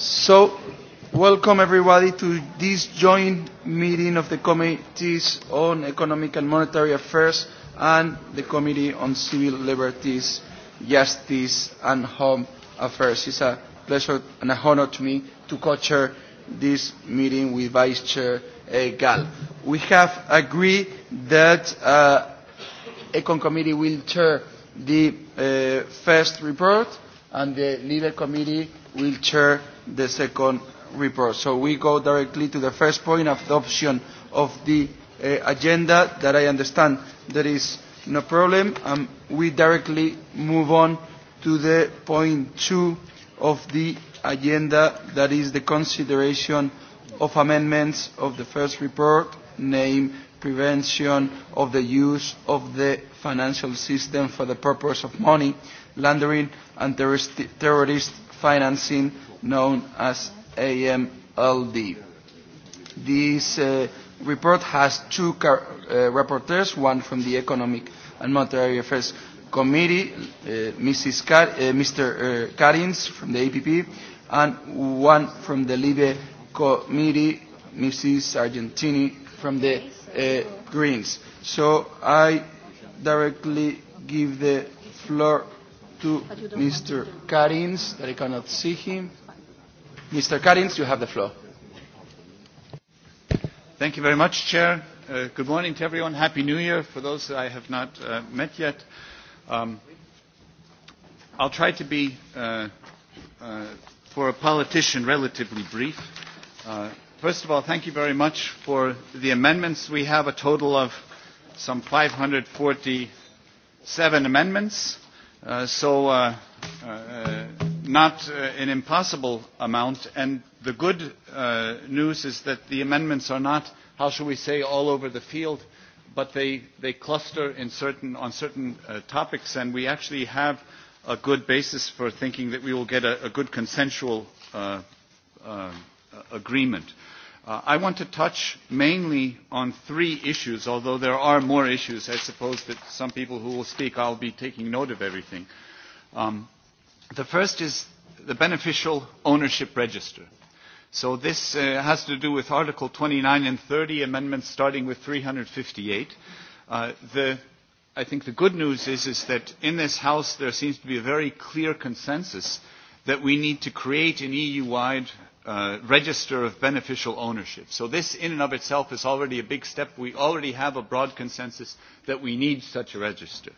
So, welcome everybody to this joint meeting of the Committees on Economic and Monetary Affairs and the Committee on Civil Liberties, Justice and Home Affairs. It's a pleasure and an honor to me to co-chair this meeting with Vice Chair uh, Gall. We have agreed that uh, Econ Committee will chair the uh, first report and the Libre Committee will chair the second report. So we go directly to the first point, adoption of the uh, agenda, that I understand there is no problem. Um, we directly move on to the point two of the agenda, that is the consideration of amendments of the first report, named Prevention of the Use of the Financial System for the Purpose of Money, Laundering and terrorist, terrorist Financing known as AMLD. This uh, report has two car uh, rapporteurs, one from the Economic and Monetary Affairs Committee, uh, Mrs. Car uh, Mr. Uh, Karins from the APP, and one from the Libe Committee, Mrs. Argentini from the uh, Greens. So I directly give the floor to Mr. Karins, that I cannot see him. Mr. Karins, you have the floor. Thank you very much, Chair. Uh, good morning to everyone. Happy New Year for those that I have not uh, met yet. Um, I'll try to be, uh, uh, for a politician, relatively brief. Uh, first of all, thank you very much for the amendments. We have a total of some 547 amendments. Uh, so uh, uh, not uh, an impossible amount. And the good uh, news is that the amendments are not, how shall we say, all over the field, but they, they cluster in certain, on certain uh, topics. And we actually have a good basis for thinking that we will get a, a good consensual uh, uh, agreement. Uh, I want to touch mainly on three issues, although there are more issues. I suppose that some people who will speak, I'll be taking note of everything. Um, The first is the beneficial ownership register. So this uh, has to do with Article 29 and 30 amendments starting with 358. Uh, the, I think the good news is, is that in this House there seems to be a very clear consensus that we need to create an EU-wide uh, register of beneficial ownership. So this in and of itself is already a big step. We already have a broad consensus that we need such a register. Uh,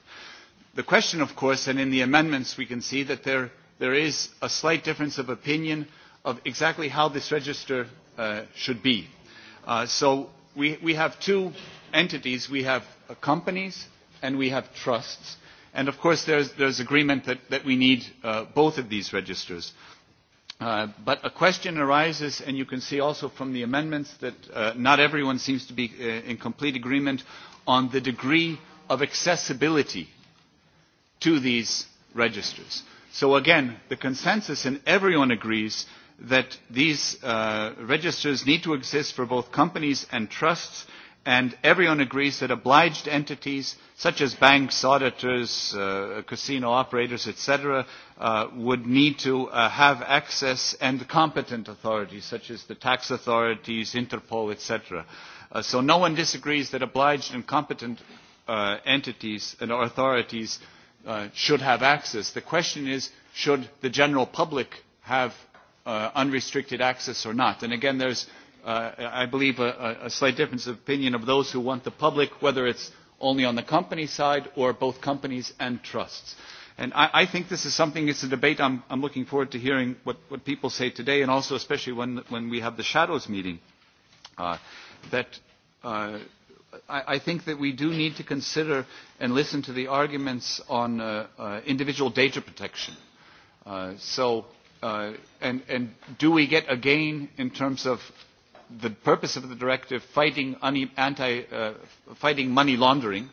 The question, of course, and in the amendments we can see that there, there is a slight difference of opinion of exactly how this register uh, should be. Uh, so we, we have two entities. We have uh, companies and we have trusts. And of course, there's, there's agreement that, that we need uh, both of these registers. Uh, but a question arises, and you can see also from the amendments that uh, not everyone seems to be uh, in complete agreement on the degree of accessibility to these registers. So again, the consensus and everyone agrees that these uh, registers need to exist for both companies and trusts, and everyone agrees that obliged entities such as banks, auditors, uh, casino operators, etc., uh, would need to uh, have access and competent authorities such as the tax authorities, Interpol, etc. Uh, so no one disagrees that obliged and competent uh, entities and authorities uh, uh, should have access. The question is, should the general public have uh, unrestricted access or not? And again, there's, uh, I believe, a, a slight difference of opinion of those who want the public, whether it's only on the company side or both companies and trusts. And I, I think this is something, it's a debate I'm, I'm looking forward to hearing what, what people say today and also especially when, when we have the shadows meeting, uh, that uh, I, I think that we do need to consider and listen to the arguments on uh, uh, individual data protection. Uh, so, uh, and, and do we get a gain in terms of the purpose of the directive fighting, anti, uh, fighting money laundering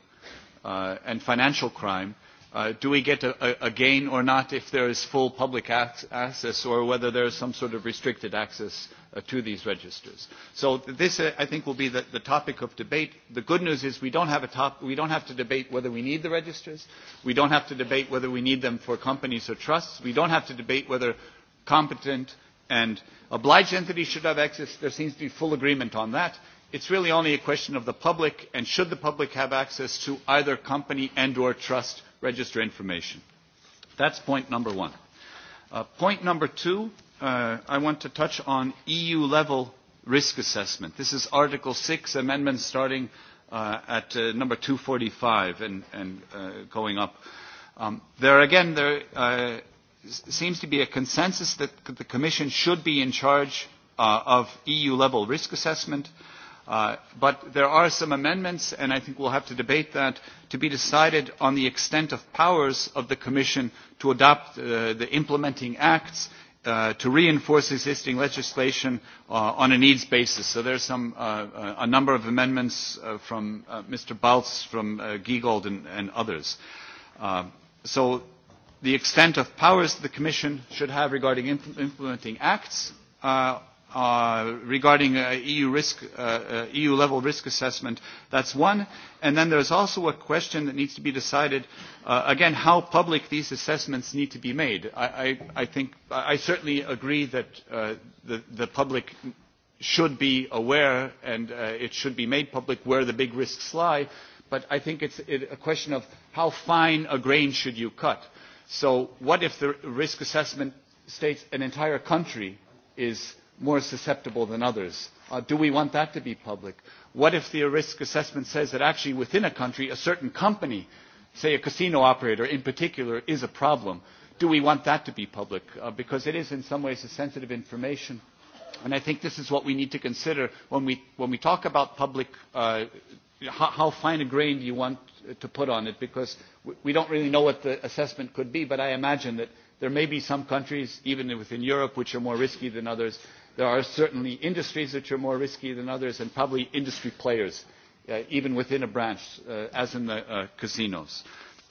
uh, and financial crime? Uh, Uh, do we get a, a gain or not if there is full public access or whether there is some sort of restricted access uh, to these registers. So this, uh, I think, will be the, the topic of debate. The good news is we don't, have a top, we don't have to debate whether we need the registers. We don't have to debate whether we need them for companies or trusts. We don't have to debate whether competent and obliged entities should have access. There seems to be full agreement on that it's really only a question of the public and should the public have access to either company and or trust register information. That's point number one. Uh, point number two, uh, I want to touch on EU-level risk assessment. This is Article 6 amendment starting uh, at uh, number 245 and, and uh, going up. Um, there again, there uh, seems to be a consensus that the Commission should be in charge uh, of EU-level risk assessment. Uh, Uh, but there are some amendments, and I think we'll have to debate that, to be decided on the extent of powers of the Commission to adopt uh, the implementing acts, uh, to reinforce existing legislation uh, on a needs basis. So there's some, uh, uh a number of amendments uh, from uh, Mr. Baltz, from uh, Giegold, and, and others. Uh, so the extent of powers the Commission should have regarding impl implementing acts uh, uh, regarding uh, EU risk, uh, uh, EU level risk assessment. That's one. And then there's also a question that needs to be decided, uh, again, how public these assessments need to be made. I, I, I think, I certainly agree that uh, the, the public should be aware and uh, it should be made public where the big risks lie, but I think it's it, a question of how fine a grain should you cut. So what if the risk assessment states an entire country is uh, more susceptible than others? Uh, do we want that to be public? What if the risk assessment says that actually within a country, a certain company, say a casino operator in particular, is a problem? Do we want that to be public? Uh, because it is in some ways a sensitive information. And I think this is what we need to consider when we, when we talk about public, uh, how, how fine a grain you want to put on it, because we, we don't really know what the assessment could be, but I imagine that there may be some countries, even within Europe, which are more risky than others, there are certainly industries which are more risky than others and probably industry players uh, even within a branch uh, as in the uh, casinos.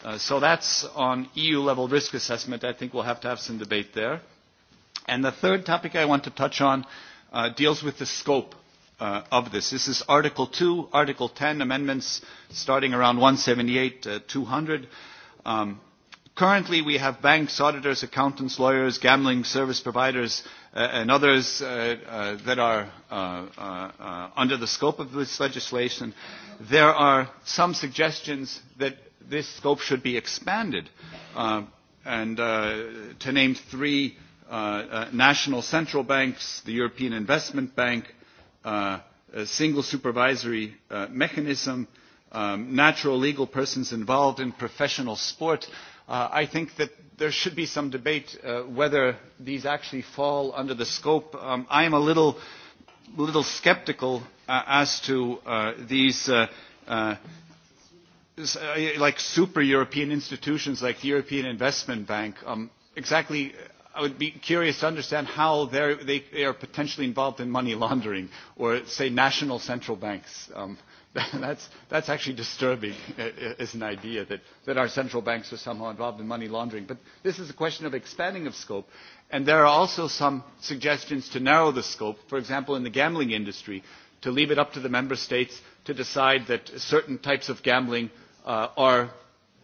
Uh, so that's on EU level risk assessment. I think we'll have to have some debate there. And the third topic I want to touch on uh, deals with the scope uh, of this. This is Article 2, Article 10 amendments starting around 178, uh, 200. Um, Currently, we have banks, auditors, accountants, lawyers, gambling service providers, uh, and others uh, uh, that are uh, uh, uh, under the scope of this legislation. There are some suggestions that this scope should be expanded, uh, and uh, to name three uh, uh, national central banks, the European Investment Bank, uh, a single supervisory uh, mechanism, um, natural legal persons involved in professional sport, uh, Uh, I think that there should be some debate uh, whether these actually fall under the scope. Um, I am a little, little skeptical uh, as to uh, these uh, uh, uh like super European institutions like the European Investment Bank. Um, exactly, I would be curious to understand how they, they are potentially involved in money laundering or, say, national central banks. Um, that's, that's actually disturbing as an idea that, that our central banks are somehow involved in money laundering. But this is a question of expanding of scope. And there are also some suggestions to narrow the scope, for example, in the gambling industry, to leave it up to the member states to decide that certain types of gambling uh, are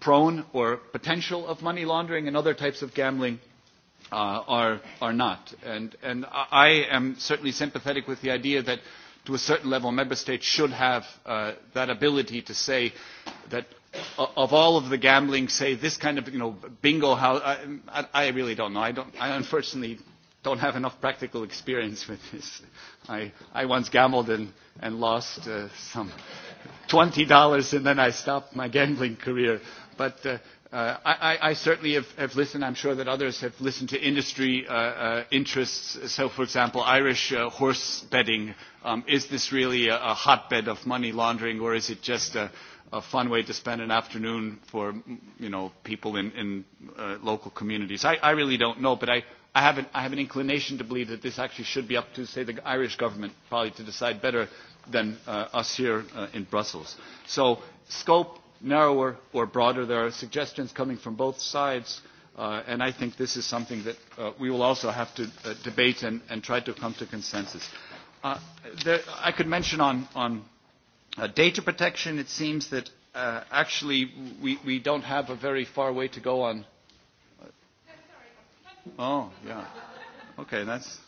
prone or potential of money laundering and other types of gambling uh, are, are not. And, and I am certainly sympathetic with the idea that uh, to a certain level, member states should have uh, that ability to say that of all of the gambling, say this kind of you know bingo house. I, I really don't know. I don't. I unfortunately don't have enough practical experience with this. I, I once gambled and, and lost uh, some $20 and then I stopped my gambling career. But uh, Uh, I, I certainly have, have listened. I'm sure that others have listened to industry uh, uh, interests. So, for example, Irish uh, horse betting. Um, is this really a, a hotbed of money laundering, or is it just a, a fun way to spend an afternoon for you know people in, in uh, local communities? I, I really don't know, but I, I, have an, I have an inclination to believe that this actually should be up to, say, the Irish government probably to decide better than uh, us here uh, in Brussels. So, scope narrower or broader. There are suggestions coming from both sides, uh, and I think this is something that uh, we will also have to uh, debate and, and try to come to consensus. Uh, there, I could mention on, on uh, data protection, it seems that uh, actually we, we don't have a very far way to go on. Oh, yeah. Okay, that's.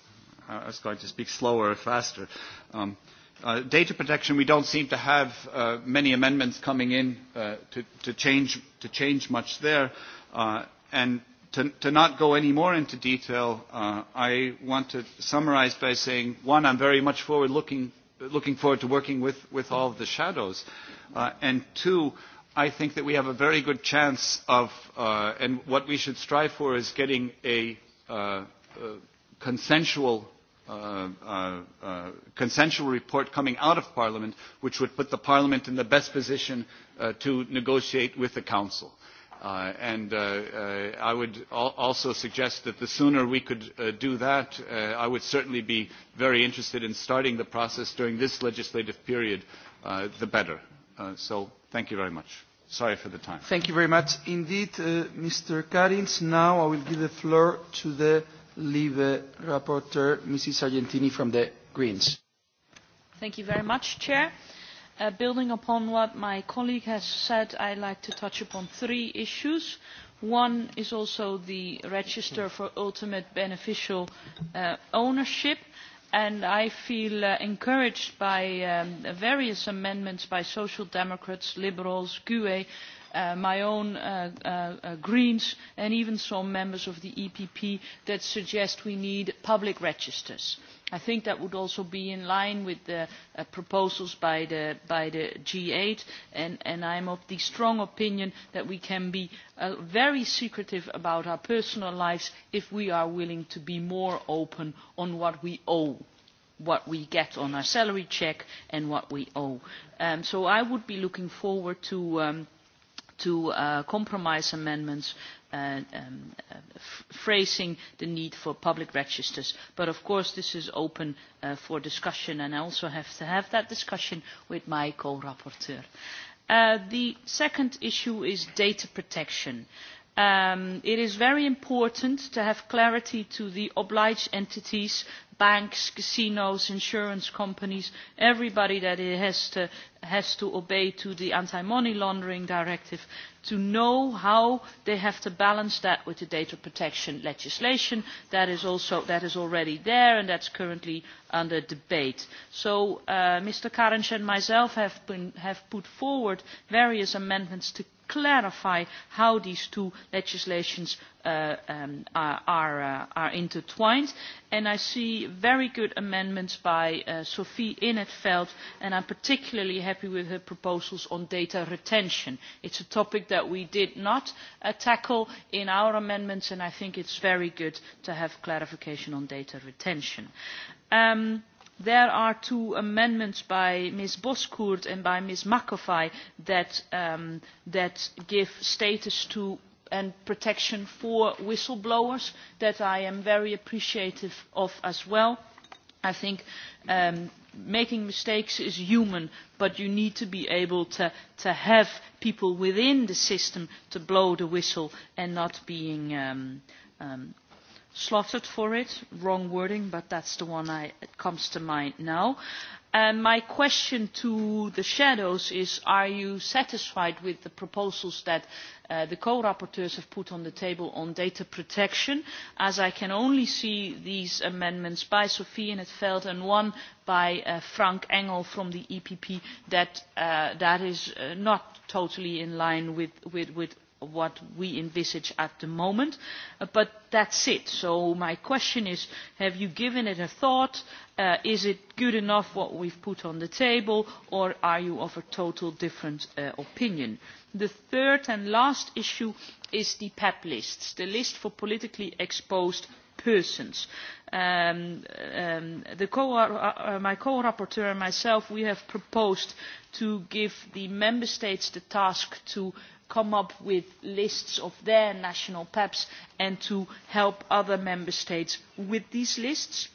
I was going to speak slower or faster. Um, uh, Uh, data protection, we don't seem to have uh, many amendments coming in uh, to, to, change, to change much there. Uh, and to, to not go any more into detail, uh, I want to summarize by saying, one, I'm very much forward looking, looking forward to working with, with all of the shadows. Uh, and two, I think that we have a very good chance of, uh, and what we should strive for is getting a uh, uh, consensual uh, uh, uh, consensual report coming out of Parliament, which would put the Parliament in the best position uh, to negotiate with the Council. Uh, and uh, uh, I would al also suggest that the sooner we could uh, do that, uh, I would certainly be very interested in starting the process during this legislative period, uh, the better. Uh, so thank you very much. Sorry for the time. Thank you very much indeed, uh, Mr. Karins. Now I will give the floor to the Liebe Rapporteur, Mrs. Sargentini from the Greens. Thank you very much, Chair. Uh, building upon what my colleague has said, I'd like to touch upon three issues. One is also the register for ultimate beneficial uh, ownership and i feel uh, encouraged by um, various amendments by social democrats liberals gue uh, my own uh, uh, uh, Greens and even some members of the EPP that suggest we need public registers. I think that would also be in line with the uh, proposals by the, by the G8, and, and I'm of the strong opinion that we can be uh, very secretive about our personal lives if we are willing to be more open on what we owe what we get on our salary check and what we owe. Um, so I would be looking forward to um, to uh, compromise amendments uh, um, uh, phrasing the need for public registers. But of course this is open uh, for discussion and I also have to have that discussion with my co-rapporteur. Uh, the second issue is data protection. Uh, Um, it is very important to have clarity to the obliged entities banks casinos insurance companies everybody that has to, has to obey to the anti money laundering directive to know how they have to balance that with the data protection legislation that is, also, that is already there and that is currently under debate. so uh, mr karas and myself have, been, have put forward various amendments to clarify how these two legislations uh, um, are, are, uh, are intertwined. And I see very good amendments by uh, Sophie Inetveld, and I'm particularly happy with her proposals on data retention. It's a topic that we did not uh, tackle in our amendments, and I think it's very good to have clarification on data retention. Um, there are two amendments by ms bozkurt and by ms macovei that, um, that give status to and protection for whistle blowers that i am very appreciative of as well. i think um, making mistakes is human but you need to be able to, to have people within the system to blow the whistle and not being um, um, slaughtered for it. Wrong wording, but that's the one I, that comes to mind now. And my question to the shadows is, are you satisfied with the proposals that uh, the co-rapporteurs have put on the table on data protection? As I can only see these amendments by Sophie Netveld and one by uh, Frank Engel from the EPP, that, uh, that is uh, not totally in line with, with, with what we envisage at the moment, uh, but that's it. So my question is, have you given it a thought? Uh, is it good enough what we've put on the table, or are you of a total different uh, opinion? The third and last issue is the PEP lists, the list for politically exposed persons. Um, um, the co uh, uh my co-rapporteur and myself, we have proposed to give the member states the task to uh, come up with lists of their national PEPs and to help other member states with these lists.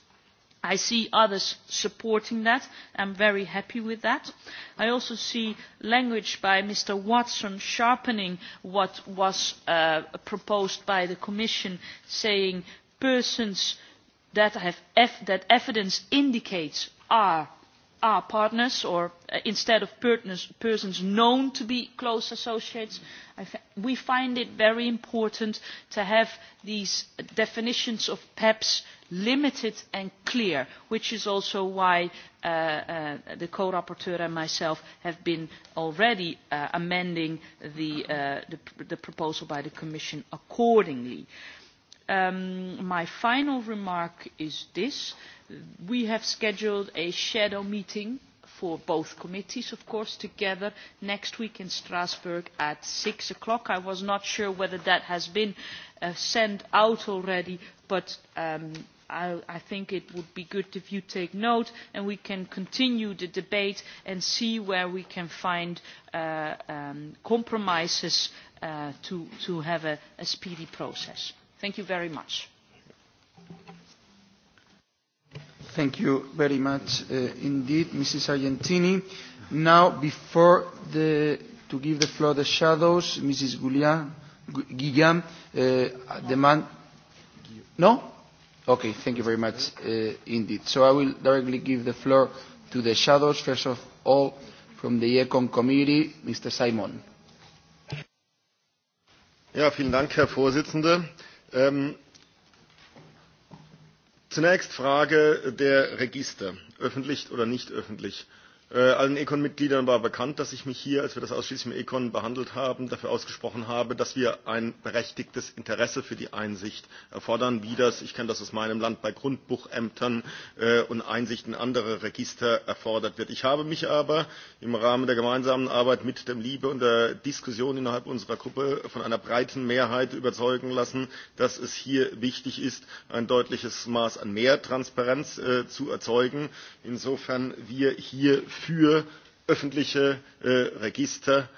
I see others supporting that. I'm very happy with that. I also see language by Mr. Watson sharpening what was uh, proposed by the Commission, saying persons that, have ev that evidence indicates are are partners or uh, instead of persons known to be close associates we find it very important to have these definitions of peps limited and clear which is also why uh, uh, the co rapporteur and myself have been already uh, amending the, uh, the, the proposal by the commission accordingly. Um, my final remark is this we have scheduled a shadow meeting for both committees, of course, together next week in Strasbourg at 6 o'clock. I was not sure whether that has been uh, sent out already, but um, I, I think it would be good if you take note and we can continue the debate and see where we can find uh, um, compromises uh, to, to have a, a speedy process. Thank you very much. Thank you very much uh, indeed, Mrs. Argentini. Now, before the, to give the floor to the shadows, Mrs. Guillam, Guillam uh, demand... No? Okay, thank you very much uh, indeed. So I will directly give the floor to the shadows. First of all, from the ECON committee, Mr. Simon. Ja, vielen Dank, Herr Vorsitzender. Ähm, Zunächst Frage der Register, öffentlich oder nicht öffentlich. Äh, allen ECON-Mitgliedern war bekannt, dass ich mich hier, als wir das ausschließlich im ECON behandelt haben, dafür ausgesprochen habe, dass wir ein berechtigtes Interesse für die Einsicht erfordern, wie das, ich kenne das aus meinem Land, bei Grundbuchämtern äh, und Einsicht in andere Register erfordert wird. Ich habe mich aber im Rahmen der gemeinsamen Arbeit mit dem Liebe und der Diskussion innerhalb unserer Gruppe von einer breiten Mehrheit überzeugen lassen, dass es hier wichtig ist, ein deutliches Maß an mehr Transparenz äh, zu erzeugen. Insofern wir hier für öffentliche äh, Register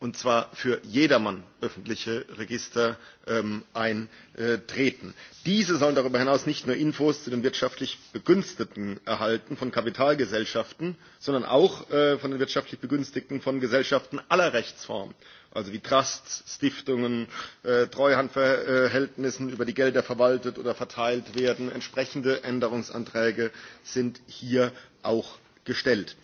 und zwar für jedermann öffentliche Register ähm, eintreten. Diese sollen darüber hinaus nicht nur Infos zu den wirtschaftlich Begünstigten erhalten von Kapitalgesellschaften, sondern auch äh, von den wirtschaftlich Begünstigten von Gesellschaften aller Rechtsformen, also wie Trusts, Stiftungen, äh, Treuhandverhältnissen, über die Gelder verwaltet oder verteilt werden. Entsprechende Änderungsanträge sind hier auch gestellt.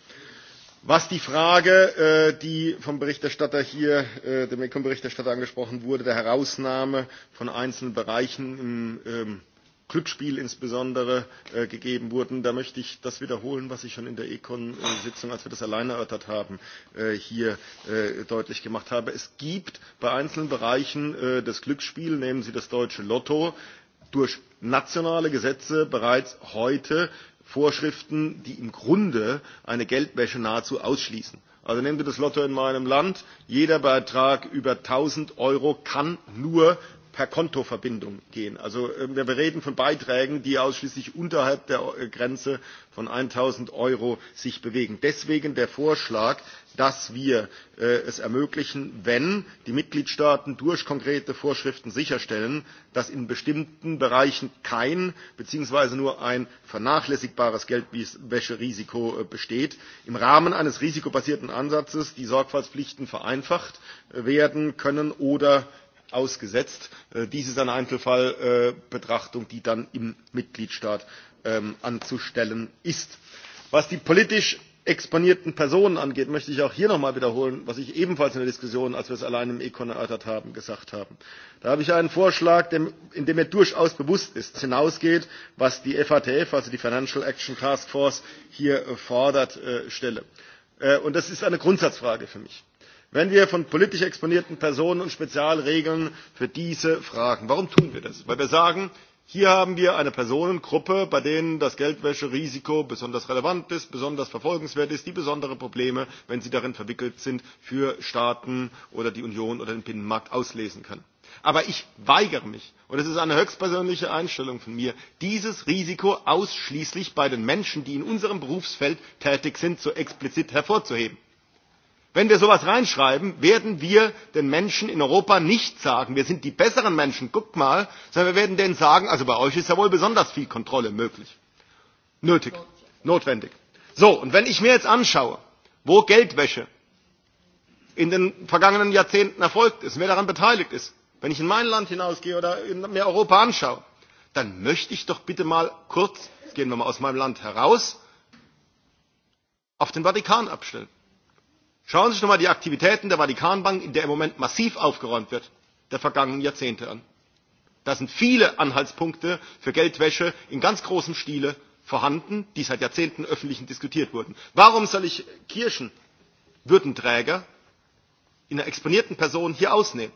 Was die Frage, äh, die vom Berichterstatter hier, äh, dem ECOM-Berichterstatter angesprochen wurde, der Herausnahme von einzelnen Bereichen im ähm, Glücksspiel insbesondere äh, gegeben wurden. Da möchte ich das wiederholen, was ich schon in der Econ-Sitzung, als wir das alleine erörtert haben, äh, hier äh, deutlich gemacht habe. Es gibt bei einzelnen Bereichen äh, des Glücksspiel, nehmen Sie das deutsche Lotto, durch nationale Gesetze bereits heute Vorschriften, die im Grunde eine Geldwäsche nahezu ausschließen. Also nehmen wir das Lotto in meinem Land. Jeder Beitrag über 1000 Euro kann nur per Kontoverbindung gehen. Also ähm, wir reden von Beiträgen, die ausschließlich unterhalb der äh, Grenze von 1000 Euro sich bewegen. Deswegen der Vorschlag, dass wir äh, es ermöglichen, wenn die Mitgliedstaaten durch konkrete Vorschriften sicherstellen, dass in bestimmten Bereichen kein bzw. nur ein vernachlässigbares Geldwäscherisiko äh, besteht, im Rahmen eines risikobasierten Ansatzes die Sorgfaltspflichten vereinfacht äh, werden können oder ausgesetzt. Äh, dies ist eine einzelfallbetrachtung äh, die dann im mitgliedstaat ähm, anzustellen ist. was die politisch exponierten personen angeht möchte ich auch hier noch einmal wiederholen was ich ebenfalls in der diskussion als wir es allein im econ erörtert haben gesagt habe. da habe ich einen vorschlag in dem mir durchaus bewusst ist dass es hinausgeht was die fatf also die financial action task force hier äh, fordert stelle. und das ist eine grundsatzfrage für mich wenn wir von politisch exponierten personen und spezialregeln für diese fragen. warum tun wir das? weil wir sagen hier haben wir eine personengruppe bei der das geldwäscherisiko besonders relevant ist besonders verfolgenswert ist die besondere probleme wenn sie darin verwickelt sind für staaten oder die union oder den binnenmarkt auslösen kann. aber ich weigere mich und das ist eine höchstpersönliche einstellung von mir dieses risiko ausschließlich bei den menschen die in unserem berufsfeld tätig sind so explizit hervorzuheben wenn wir so etwas reinschreiben werden wir den menschen in europa nicht sagen wir sind die besseren menschen guckt mal sondern wir werden denen sagen also bei euch ist ja wohl besonders viel kontrolle möglich nötig notwendig. so und wenn ich mir jetzt anschaue wo geldwäsche in den vergangenen jahrzehnten erfolgt ist wer daran beteiligt ist wenn ich in mein land hinausgehe oder mir europa anschaue dann möchte ich doch bitte mal kurz jetzt gehen wir mal aus meinem land heraus auf den vatikan abstellen schauen sie sich doch mal die aktivitäten der vatikanbank in der im moment massiv aufgeräumt wird der vergangenen jahrzehnte an. da sind viele anhaltspunkte für geldwäsche in ganz großem stile vorhanden die seit jahrzehnten öffentlich diskutiert wurden. warum soll ich kirchen würdenträger in einer exponierten person hier ausnehmen?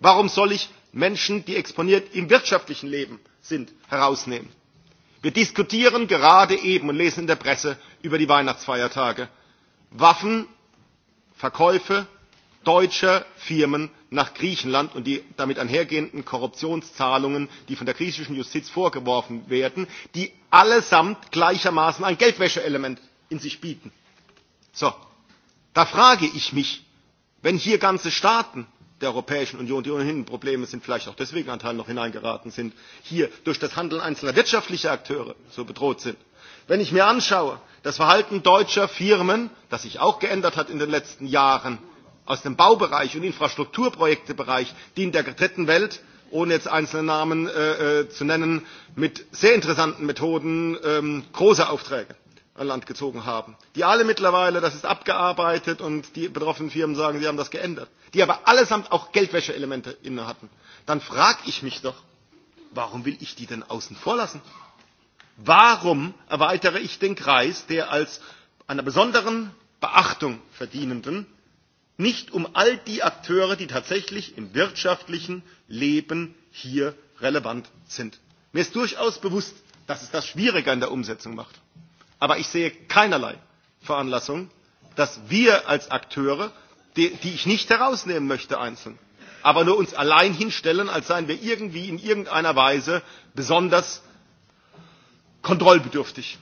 warum soll ich menschen die exponiert im wirtschaftlichen leben sind herausnehmen? wir diskutieren gerade eben und lesen in der presse über die weihnachtsfeiertage waffen verkäufe deutscher firmen nach griechenland und die damit einhergehenden korruptionszahlungen die von der griechischen justiz vorgeworfen werden die allesamt gleichermaßen ein geldwäscheelement in sich bieten. So, da frage ich mich wenn hier ganze staaten der europäischen union die ohnehin probleme sind vielleicht auch deswegen ein teil noch hineingeraten sind hier durch das handeln einzelner wirtschaftlicher akteure so bedroht sind Wenn ich mir anschaue, das Verhalten deutscher Firmen, das sich auch geändert hat in den letzten Jahren, aus dem Baubereich und Infrastrukturprojektebereich, die in der dritten Welt, ohne jetzt einzelne Namen äh, äh, zu nennen, mit sehr interessanten Methoden ähm, große Aufträge an Land gezogen haben. Die alle mittlerweile, das ist abgearbeitet und die betroffenen Firmen sagen, sie haben das geändert. Die aber allesamt auch Geldwäscheelemente inne hatten. Dann frage ich mich doch, warum will ich die denn außen vor lassen? warum erweitere ich den kreis der als einer besonderen beachtung verdienenden nicht um all die akteure die tatsächlich im wirtschaftlichen leben hier relevant sind? mir ist durchaus bewusst dass es das schwieriger in der umsetzung macht aber ich sehe keinerlei veranlassung dass wir als akteure die, die ich nicht herausnehmen möchte einzeln aber nur uns allein hinstellen als seien wir irgendwie in irgendeiner weise besonders kontrollbedürftig.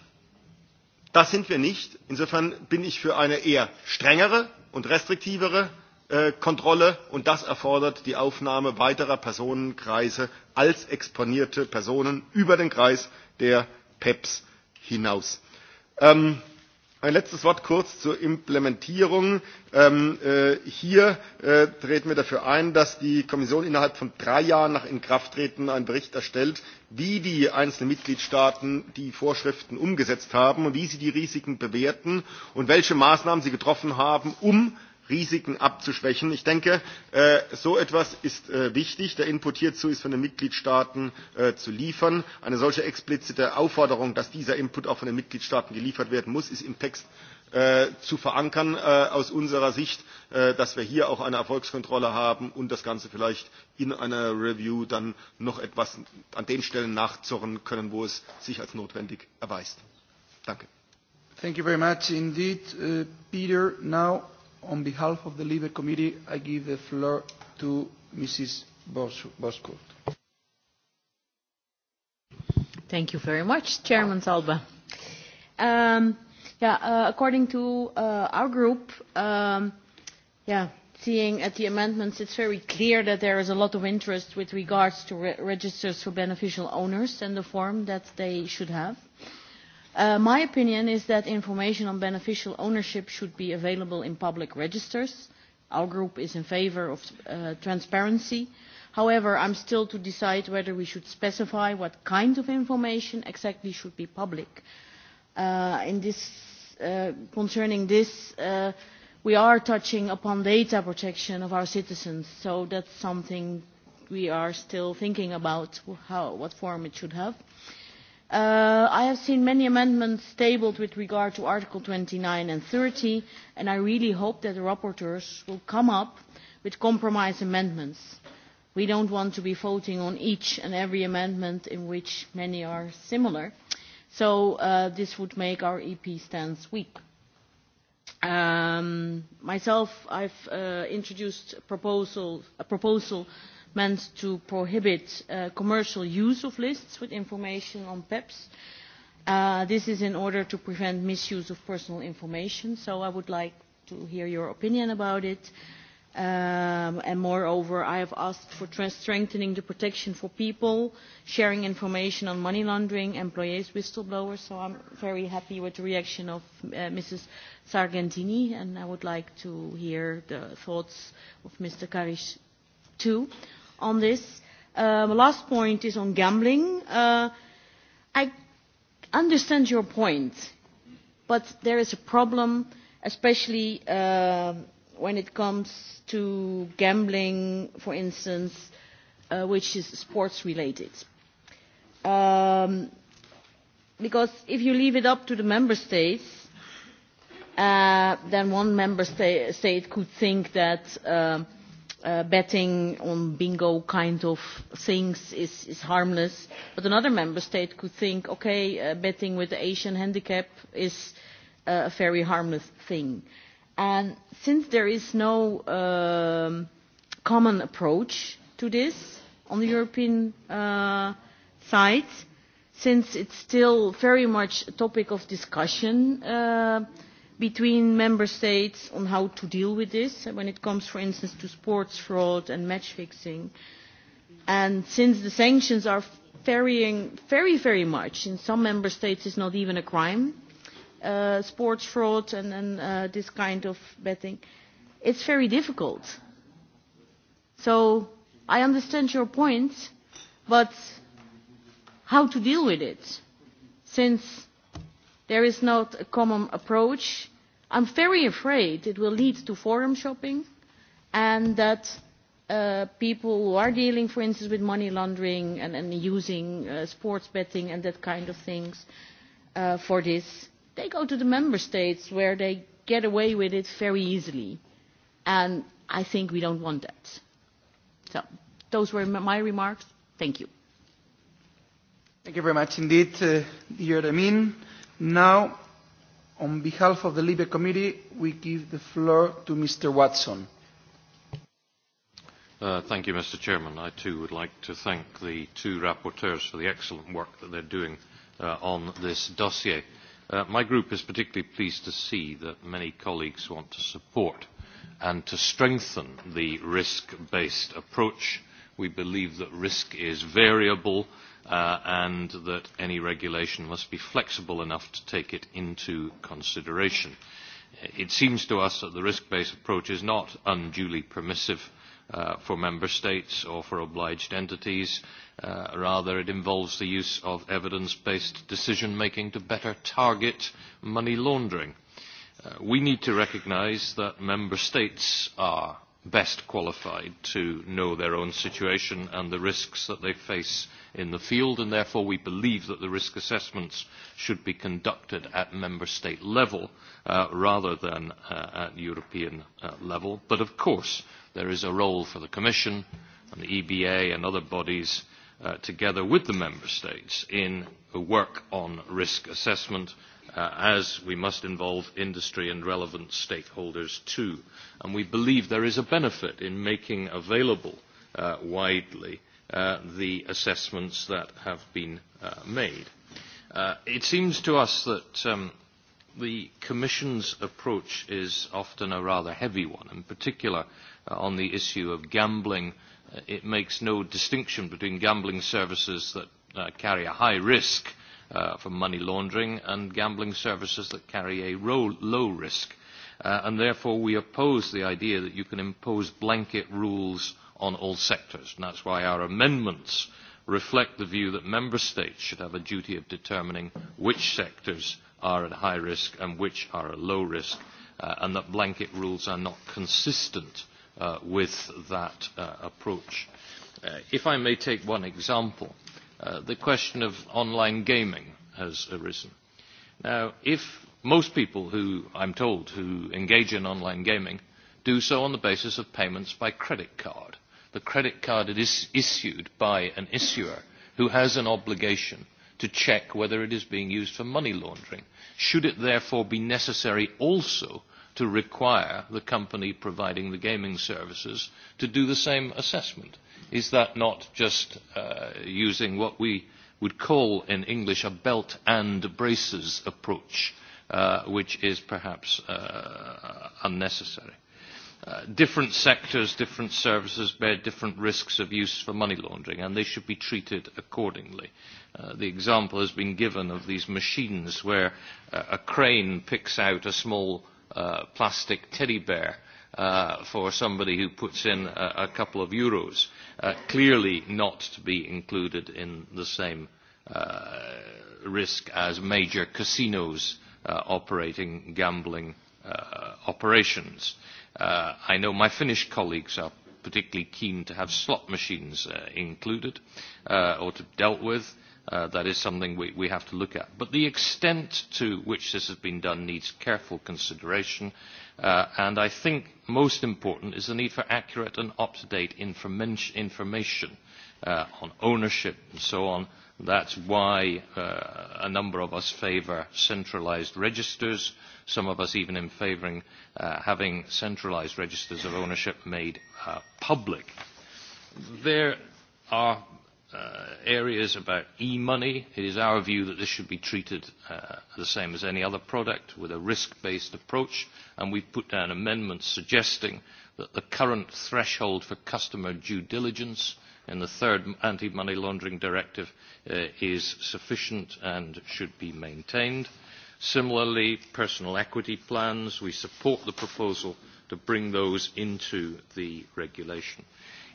Das sind wir nicht. Insofern bin ich für eine eher strengere und restriktivere äh, Kontrolle und das erfordert die Aufnahme weiterer Personenkreise als exponierte Personen über den Kreis der PEPs hinaus. Ähm, Ein letztes Wort kurz zur Implementierung. Ähm, äh, hier äh, treten wir dafür ein, dass die Kommission innerhalb von drei Jahren nach Inkrafttreten einen Bericht erstellt, wie die einzelnen Mitgliedstaaten die Vorschriften umgesetzt haben und wie sie die Risiken bewerten und welche Maßnahmen sie getroffen haben, um Risiken abzuschwächen. Ich denke, äh, so etwas ist äh, wichtig. Der Input hierzu ist von den Mitgliedstaaten äh, zu liefern. Eine solche explizite Aufforderung, dass dieser Input auch von den Mitgliedstaaten geliefert werden muss, ist im Text zu verankern aus unserer Sicht, dass wir hier auch eine Erfolgskontrolle haben und das Ganze vielleicht in einer Review dann noch etwas an den Stellen nachzurren können, wo es sich als notwendig erweist. Danke. Thank you very much indeed, uh, Peter. Now on behalf of the Libre Committee, I give the floor to Mrs. Bos Boscourt. Thank you very much, Chairman Salba. Um, yeah, uh, according to uh, our group, um, yeah, seeing at the amendments, it's very clear that there is a lot of interest with regards to re registers for beneficial owners and the form that they should have. Uh, my opinion is that information on beneficial ownership should be available in public registers. Our group is in favor of uh, transparency. However, I'm still to decide whether we should specify what kind of information exactly should be public. Uh, in this, uh, concerning this, uh, we are touching upon data protection of our citizens, so that's something we are still thinking about, how, what form it should have. Uh, Uh, I have seen many amendments tabled with regard to Article 29 and 30, and I really hope that the rapporteurs will come up with compromise amendments. We don't want to be voting on each and every amendment in which many are similar, so uh, this would make our EP stance weak. Um, myself, I've uh, introduced a proposal, a proposal uh, meant to prohibit uh, commercial use of lists with information on PEPs. Uh, this is in order to prevent misuse of personal information, so I would like to hear your opinion about it. Um, and moreover, I have asked for strengthening the protection for people, sharing information on money laundering, employees, whistleblowers. So I'm very happy with the reaction of uh, Mrs. Sargentini, and I would like to hear the thoughts of Mr. Karish too. Uh, on this. Uh, um, my last point is on gambling. Uh, I understand your point, but there is a problem, especially uh, when it comes to gambling, for instance, uh, which is sports related. Um, because if you leave it up to the member states, uh, then one member sta- state could think that. Uh, um, uh, betting on bingo kind of things is, is harmless. But another member state could think, okay, uh, betting with the Asian handicap is uh, a very harmless thing. And since there is no um, common approach to this on the European uh, side, since it's still very much a topic of discussion, uh, between member states on how to deal with this when it comes, for instance, to sports fraud and match fixing. And since the sanctions are varying very, very much, in some member states it's not even a crime, uh, sports fraud and, and uh, this kind of betting, it's very difficult. So I understand your point, but how to deal with it? Since there is not a common approach. I'm very afraid it will lead to forum shopping and that uh, people who are dealing, for instance, with money laundering and, and using uh, sports betting and that kind of things uh, for this, they go to the member states where they get away with it very easily. And I think we don't want that. So those were my remarks. Thank you. Thank you very much indeed, uh, dear Ramin. Now, on behalf of the Libe Committee, we give the floor to Mr. Watson. Uh, thank you, Mr. Chairman. I too would like to thank the two rapporteurs for the excellent work that they're doing uh, on this dossier. Uh, my group is particularly pleased to see that many colleagues want to support and to strengthen the risk-based approach. We believe that risk is variable, uh, uh, and that any regulation must be flexible enough to take it into consideration. It seems to us that the risk-based approach is not unduly permissive uh, for member states or for obliged entities. Uh, rather, it involves the use of evidence-based decision-making to better target money laundering. Uh, we need to recognize that member states are best qualified to know their own situation and the risks that they face in the field, and therefore we believe that the risk assessments should be conducted at member state level uh, rather than uh, at European uh, level. But of course, there is a role for the Commission and the EBA and other bodies uh, together with the member states in work on risk assessment uh, uh, as we must involve industry and relevant stakeholders too. And we believe there is a benefit in making available uh, widely uh, the assessments that have been uh, made. Uh, it seems to us that um, the Commission's approach is often a rather heavy one, in particular uh, on the issue of gambling. Uh, it makes no distinction between gambling services that uh, carry a high risk uh, uh, for money laundering and gambling services that carry a ro- low risk. Uh, and therefore, we oppose the idea that you can impose blanket rules on all sectors. And that's why our amendments reflect the view that member states should have a duty of determining which sectors are at high risk and which are at low risk, uh, and that blanket rules are not consistent uh, with that uh, approach. Uh, if I may take one example, uh, uh, the question of online gaming has arisen. Now, if most people who, I'm told, who engage in online gaming do so on the basis of payments by credit card, the credit card is issued by an issuer who has an obligation to check whether it is being used for money laundering. Should it therefore be necessary also to require the company providing the gaming services to do the same assessment? is that not just uh, using what we would call in English a belt and braces approach, uh, which is perhaps uh, unnecessary? Uh, different sectors, different services bear different risks of use for money laundering, and they should be treated accordingly. Uh, the example has been given of these machines where uh, a crane picks out a small uh, plastic teddy bear uh, uh, for somebody who puts in a, a couple of euros, uh, clearly not to be included in the same uh, risk as major casinos uh, operating gambling uh, operations. Uh, I know my Finnish colleagues are particularly keen to have slot machines uh, included uh, or to dealt with. Uh, uh, that is something we, we have to look at. But the extent to which this has been done needs careful consideration, uh, and I think most important is the need for accurate and up-to-date inform- information uh, on ownership and so on. That's why uh, a number of us favour centralised registers, some of us even in favouring uh, having centralised registers of ownership made uh, public. There are uh, areas about e-money, it is our view that this should be treated uh, the same as any other product with a risk-based approach, and we've put down amendments suggesting that the current threshold for customer due diligence in the third anti-money laundering directive uh, is sufficient and should be maintained. Similarly, personal equity plans, we support the proposal to bring those into the regulation.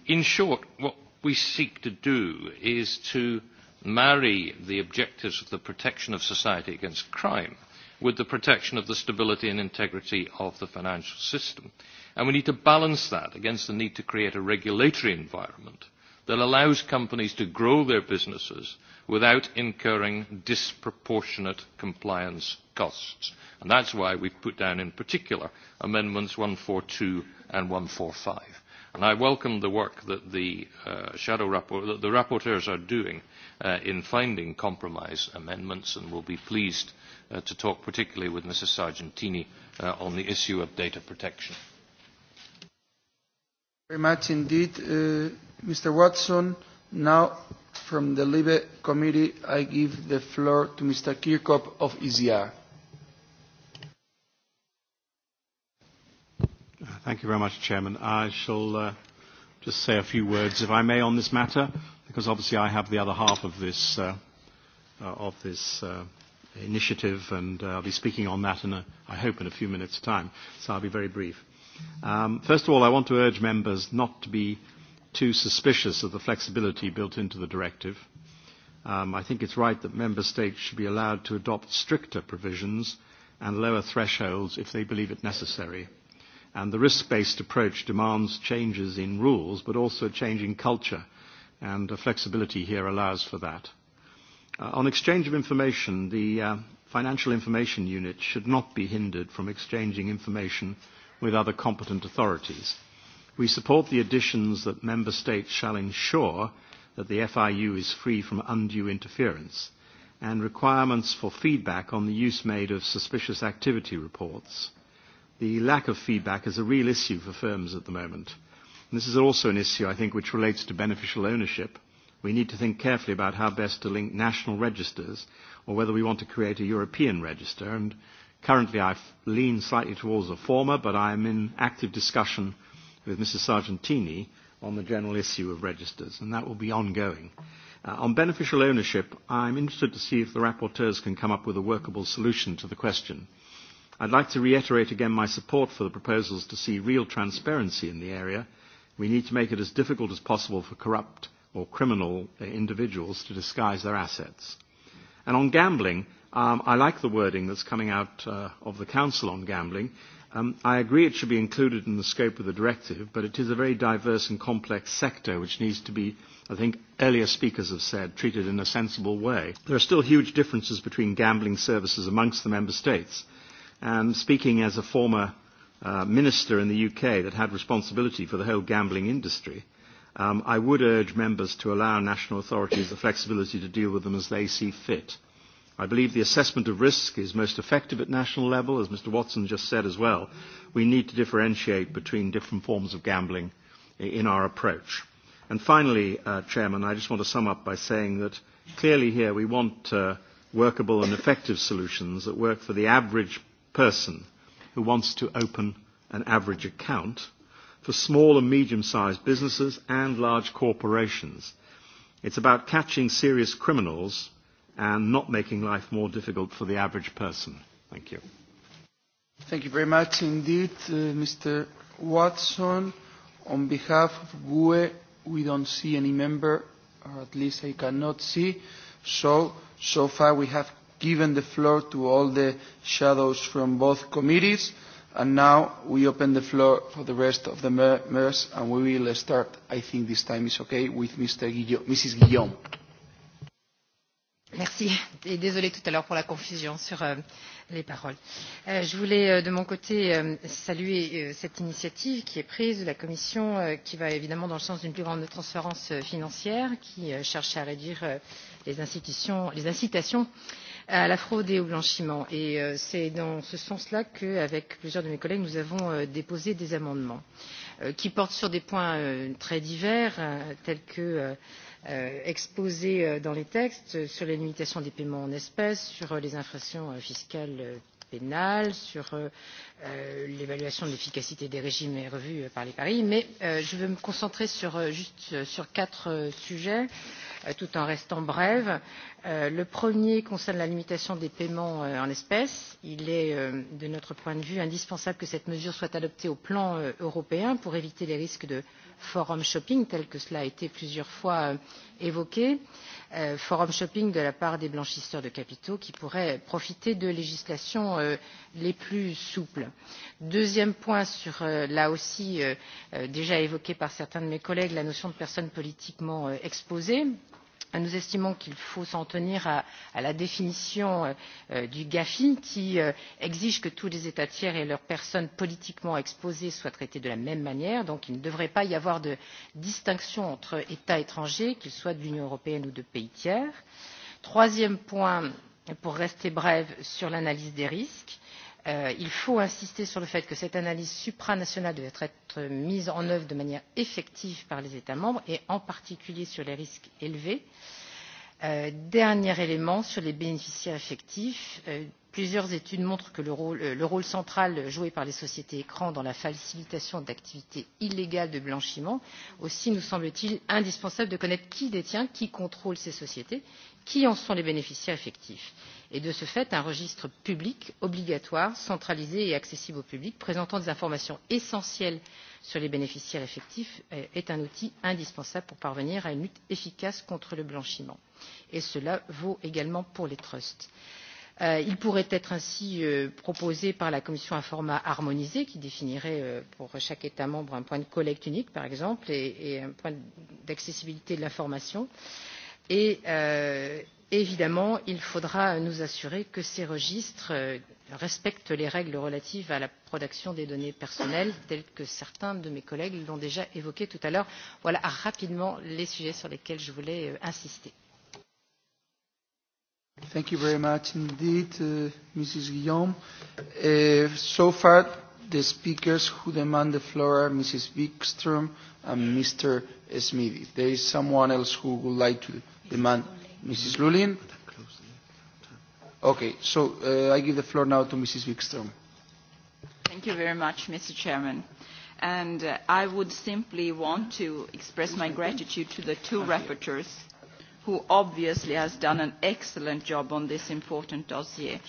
In short, what we seek to do is to marry the objectives of the protection of society against crime with the protection of the stability and integrity of the financial system. And we need to balance that against the need to create a regulatory environment that allows companies to grow their businesses without incurring disproportionate compliance costs. And that's why we've put down in particular amendments 142 and 145. And I welcome the work that the uh, shadow rapport, that the rapporteurs are doing uh, in finding compromise amendments and will be pleased uh, to talk particularly with Mrs. Sargentini uh, on the issue of data protection. Very much indeed, uh, Mr. Watson. Now, from the Libe Committee, I give the floor to Mr. Kirkop of EZR. Thank you very much, Chairman. I shall uh, just say a few words, if I may, on this matter, because obviously I have the other half of this, uh, uh, of this uh, initiative, and uh, I'll be speaking on that, in a, I hope, in a few minutes' time. So I'll be very brief. Um, first of all, I want to urge members not to be too suspicious of the flexibility built into the directive. Um, I think it's right that member states should be allowed to adopt stricter provisions and lower thresholds if they believe it necessary. Uh, And the risk-based approach demands changes in rules, but also a change in culture, and the uh, flexibility here allows for that. Uh, on exchange of information, the uh, Financial Information Unit should not be hindered from exchanging information with other competent authorities. We support the additions that Member States shall ensure that the FIU is free from undue interference and requirements for feedback on the use made of suspicious activity reports. Uh, the lack of feedback is a real issue for firms at the moment. And this is also an issue, I think, which relates to beneficial ownership. We need to think carefully about how best to link national registers or whether we want to create a European register. And currently I lean slightly towards the former, but I am in active discussion with Mrs. Sargentini on the general issue of registers, and that will be ongoing. Uh, on beneficial ownership, I'm interested to see if the rapporteurs can come up with a workable solution to the question. Uh, I'd like to reiterate again my support for the proposals to see real transparency in the area. We need to make it as difficult as possible for corrupt or criminal uh, individuals to disguise their assets. And on gambling, um, I like the wording that's coming out uh, of the Council on gambling. Um, I agree it should be included in the scope of the directive, but it is a very diverse and complex sector which needs to be, I think earlier speakers have said, treated in a sensible way. There are still huge differences between gambling services amongst the member states And speaking as a former uh, minister in the UK that had responsibility for the whole gambling industry, um, I would urge members to allow national authorities the flexibility to deal with them as they see fit. I believe the assessment of risk is most effective at national level, as Mr Watson just said as well. We need to differentiate between different forms of gambling in our approach. And finally, uh, Chairman, I just want to sum up by saying that clearly here we want uh, workable and effective solutions that work for the average person who wants to open an average account for small and medium-sized businesses and large corporations. It's about catching serious criminals and not making life more difficult for the average person. Thank you. Thank you very much indeed, uh, Mr. Watson. On behalf of GUE, we don't see any member, or at least I cannot see. So, so far we have given the floor to all the shadows from both committees. And now we open the floor for the rest of the members, and we will start, I think this time is okay, with Mr. Guillaume, Mrs. Guillaume. Merci et désolée tout à l'heure pour la confusion sur euh, les paroles. Euh, je voulais euh, de mon côté euh, saluer euh, cette initiative qui est prise de la Commission, euh, qui va évidemment dans le sens d'une plus grande transparence financière, qui cherche à réduire les, les incitations à la fraude et au blanchiment et euh, c'est dans ce sens là qu'avec plusieurs de mes collègues nous avons euh, déposé des amendements euh, qui portent sur des points très divers tels que exposés dans les textes sur les limitations des paiements en espèces sur les infractions fiscales pénales sur l'évaluation de l'efficacité des régimes et revue par les paris mais je veux me concentrer sur, juste sur quatre sujets. Euh, Euh, tout en restant brève. Euh, le premier concerne la limitation des paiements euh, en espèces. il est de notre point de vue indispensable que cette mesure soit adoptée au plan européen pour éviter les risques de forum shopping tel que cela a été plusieurs fois évoqué forum shopping de la part des blanchisseurs de capitaux qui pourraient profiter de législations les plus souples. deuxième point là aussi déjà évoqué par certains de mes collègues la notion de personnes politiquement exposées Ah, nous estimons qu'il faut s'en tenir à, à la définition euh, euh du gafi qui euh, exige que tous les états tiers et leurs personnes politiquement exposées soient traités de la même manière donc il ne devrait pas y avoir de distinction entre états étrangers qu'ils soient de l'union européenne ou de pays tiers. troisième point pour rester brève sur l'analyse des risques Euh, il faut insister sur le fait que cette analyse supranationale doit être mise en œuvre de manière effective par les états membres et en particulier sur les risques élevés. Euh, dernier élément sur les bénéficiaires effectifs euh, plusieurs études montrent que le rôle, le rôle central joué par les sociétés écrans dans la facilitation d'activités illégales de blanchiment aussi nous semble t il indispensable de connaître qui détient qui contrôle ces sociétés qui en sont les bénéficiaires effectifs et de ce fait un registre public obligatoire centralisé et accessible au public présentant des informations essentielles sur les bénéficiaires effectifs euh, est un outil indispensable pour parvenir à une lutte efficace contre le blanchiment et cela vaut également pour les trusts. Euh, il pourrait être ainsi euh, proposé par la Commission un format harmonisé qui définirait pour chaque État membre un point de collecte unique, par exemple, et, et un point d'accessibilité de l'information. Et euh, évidemment il faudra nous assurer que ces registres euh, respectent les règles relatives à la protection des données personnelles telles que certains de mes collègues l'ont déjà évoqué tout à l'heure. voilà rapidement les sujets sur lesquels je voulais euh, insister. Thank you very much indeed, uh, Mrs. Guillaume. Uh, so far, the speakers who demand the floor are Mrs. Wikström and Mr. Smith. If there is someone else who would like to demand. Sorry. Mrs. Lulin? Okay, so uh, I give the floor now to Mrs. Wikström. Thank you very much, Mr. Chairman. And uh, I would simply want to express my gratitude to the two rapporteurs who obviously has done an excellent job on this important dossier.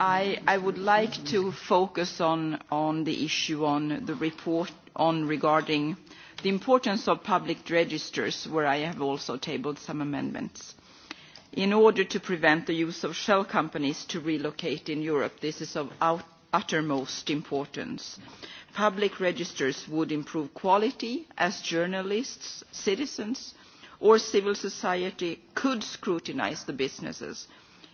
I, I would like to focus on, on the issue on the report on regarding the importance of public registers, where I have also tabled some amendments in order to prevent the use of shell companies to relocate in europe. this is of uttermost importance. public registers would improve quality as journalists citizens or civil society could scrutinise the businesses.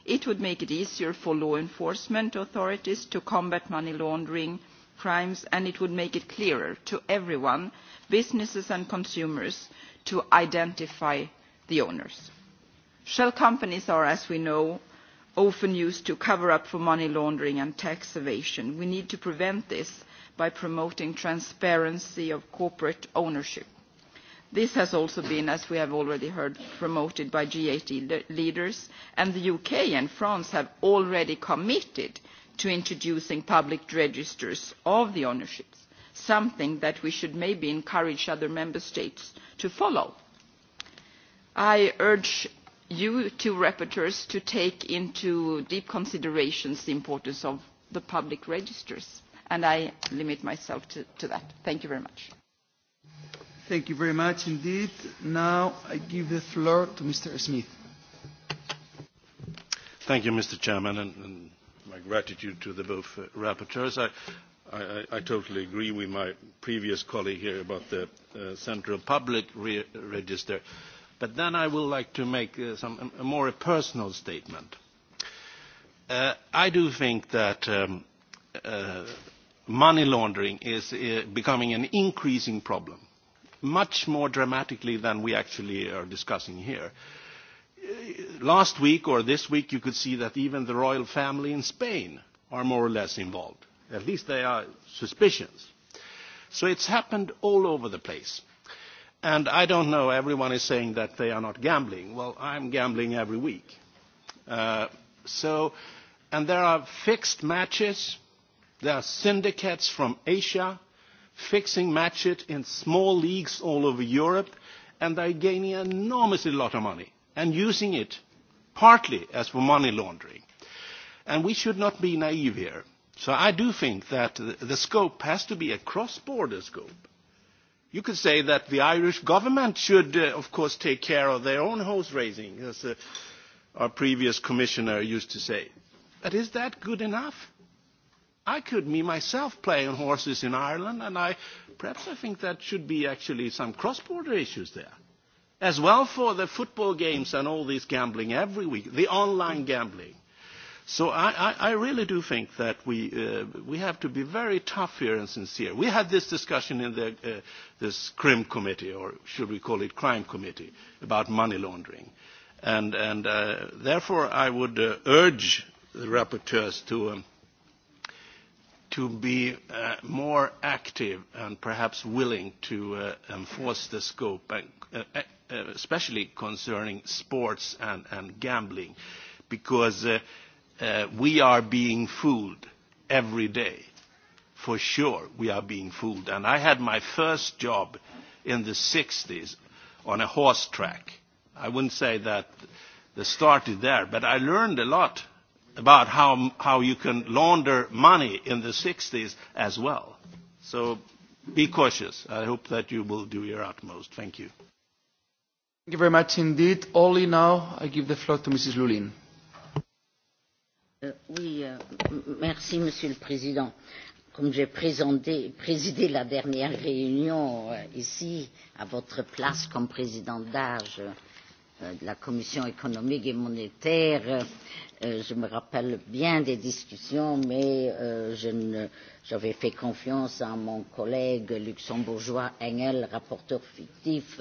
it would make it easier for law enforcement authorities to combat money laundering crimes and it would make it clearer to everyone businesses and consumers to identify the owners. Shell companies are, as we know, often used to cover up for money laundering and tax evasion. We need to prevent this by promoting transparency of corporate ownership. This has also been, as we have already heard, promoted by G8 leaders, and the UK and France have already committed to introducing public registers of the ownerships, something that we should maybe encourage other member states to follow. I urge you two rapporteurs to take into deep consideration the importance of the public registers and i limit myself to, to that. thank you very much. thank you very much indeed. now i give the floor to mr. smith. thank you, mr. chairman, and, and my gratitude to the both uh, rapporteurs. I, I, I totally agree with my previous colleague here about the uh, central public re- register. Uh, But then I would like to make uh, some, a more a personal statement. Uh, I do think that um, uh, money laundering is uh, becoming an increasing problem, much more dramatically than we actually are discussing here. Uh, last week or this week, you could see that even the royal family in Spain are more or less involved. At least they are suspicions. So it's happened all over the place. And I don't know, everyone is saying that they are not gambling. Well, I'm gambling every week. Uh, so, and there are fixed matches. There are syndicates from Asia fixing matches in small leagues all over Europe, and they're gaining an enormously lot of money and using it partly as for money laundering. And we should not be naive here. So I do think that the scope has to be a cross-border scope You could say that the Irish government should, uh, of course, take care of their own horse raising, as uh, our previous commissioner used to say. But is that good enough? I could, me myself, play on horses in Ireland, and I, perhaps I think that should be actually some cross-border issues there. As well for the football games and all this gambling every week, the online gambling. So I, I, I really do think that we, uh, we have to be very tough here and sincere. We had this discussion in the, uh, this CRIM committee, or should we call it crime committee, about money laundering. And, and uh, therefore, I would uh, urge the rapporteurs to, um, to be uh, more active and perhaps willing to uh, enforce the scope, and, uh, uh especially concerning sports and, and gambling, because uh, uh, we are being fooled every day. For sure, we are being fooled. And I had my first job in the 60s on a horse track. I wouldn't say that the started there, but I learned a lot about how, how you can launder money in the 60s as well. So be cautious. I hope that you will do your utmost. Thank you. Thank you very much indeed. Only now I give the floor to Mrs. Lulin. Euh, oui, euh, merci, Monsieur le Président. Comme j'ai présidé la dernière réunion euh, ici, à votre place comme président d'âge de la Commission économique et monétaire, je me rappelle bien des discussions, mais j'avais fait confiance à mon collègue luxembourgeois Engel, rapporteur fictif,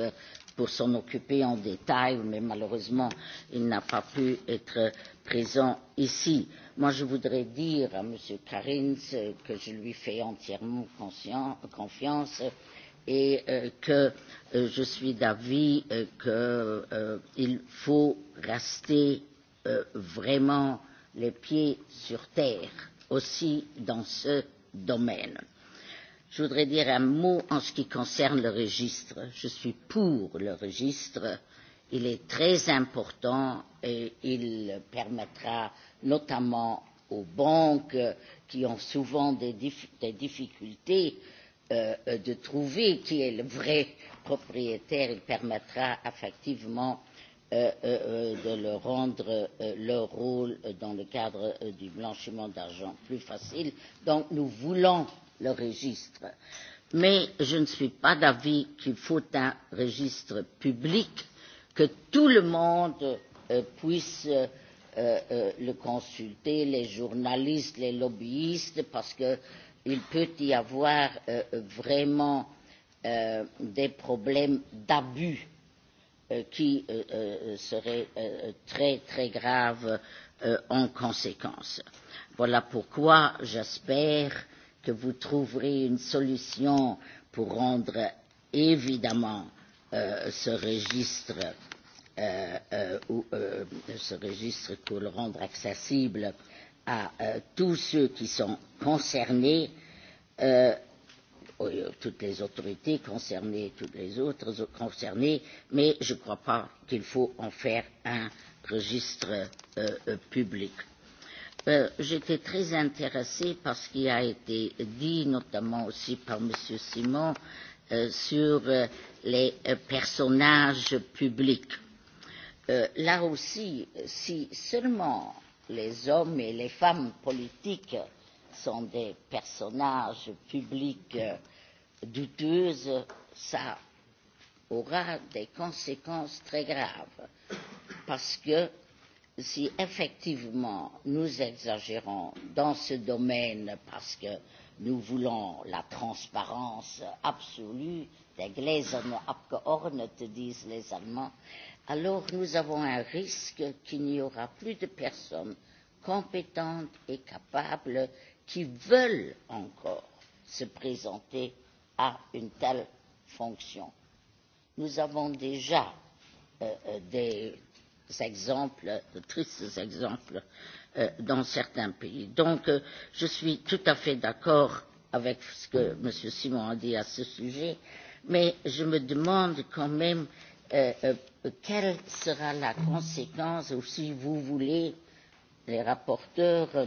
pour s'en occuper en détail, mais malheureusement, il n'a pas pu être présent ici. Moi, je voudrais dire à M. Karins que je lui fais entièrement confiance et euh, que euh, je suis d'avis euh, qu'il euh, faut rester euh, vraiment les pieds sur terre aussi dans ce domaine je voudrais dire un mot en ce qui concerne le registre. Je suis pour le registre. Il est très important et il permettra notamment aux banques qui ont souvent des, dif des difficultés euh, euh, de trouver qui est le vrai propriétaire. Il permettra effectivement euh, euh, euh de leur rendre euh, leur rôle dans le cadre euh, du blanchiment d'argent plus facile. Donc nous voulons euh, le registre. Mais je ne suis pas d'avis qu'il faut un registre public, que tout le monde euh, puisse euh, euh, le consulter, les journalistes, les lobbyistes, parce qu'il peut y avoir euh, vraiment euh, des problèmes d'abus euh, qui euh, euh, seraient euh, très très graves euh, en conséquence. Voilà pourquoi j'espère euh, que vous trouverez une solution pour rendre évidemment euh, ce registre euh, euh, euh, ce registre pour le rendre accessible à euh, tous ceux qui sont concernés euh, euh toutes les autorités concernées, toutes les autres concernées, mais je ne crois pas qu'il faut en faire un registre euh, euh public. Euh, J'étais très intéressée par ce qui a été dit, notamment aussi par M. Simon, euh, sur euh, les euh, personnages publics. Euh, là aussi, si seulement les hommes et les femmes politiques sont des personnages publics euh, douteuses, ça aura des conséquences très graves, parce que si effectivement nous exagérons dans ce domaine parce que nous voulons la transparence absolue der gläserne Abgeordnete disent les Allemands, alors nous avons un risque qu'il n'y aura plus de personnes compétentes et capables qui veulent encore se présenter à une telle fonction. Nous avons déjà euh, euh des exemples, de tristes exemples euh, dans certains pays. Donc euh, je suis tout à fait d'accord avec ce que M. Simon a dit à ce sujet, mais je me demande quand même euh, euh, quelle sera la conséquence ou si vous voulez, les rapporteurs, euh,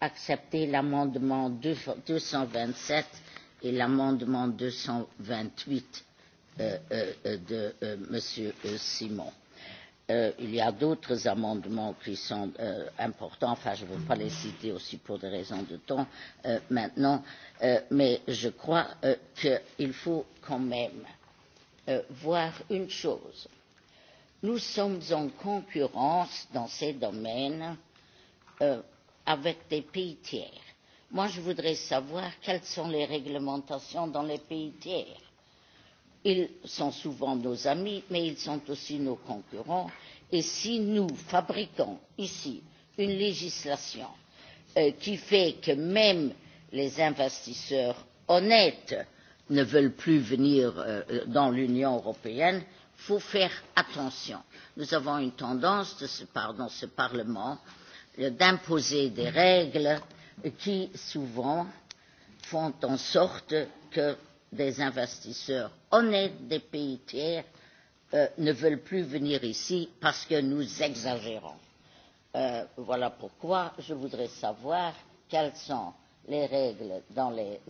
accepter l'amendement 227 et l'amendement 228 euh, euh, euh, de euh, M. Simon euh, il y a d'autres amendements qui sont euh, importants, enfin je ne veux pas les citer aussi pour des raisons de temps euh, maintenant, euh, mais je crois euh, qu'il faut quand même euh, voir une chose. Nous sommes en concurrence dans ces domaines euh, avec des pays tiers. Moi, je voudrais savoir quelles sont les réglementations dans les pays tiers ils sont souvent nos amis mais ils sont aussi nos concurrents et si nous fabriquons ici une législation euh, qui fait que même les investisseurs honnêtes ne veulent plus venir euh, dans l'union européenne il faut faire attention. nous avons une tendance ce, dans ce parlement euh, d'imposer des règles qui souvent font en sorte que des investisseurs honnêtes des pays tiers euh, ne veulent plus venir ici parce que nous exagérons. Euh, voilà pourquoi je voudrais savoir quelles sont les règles dans les,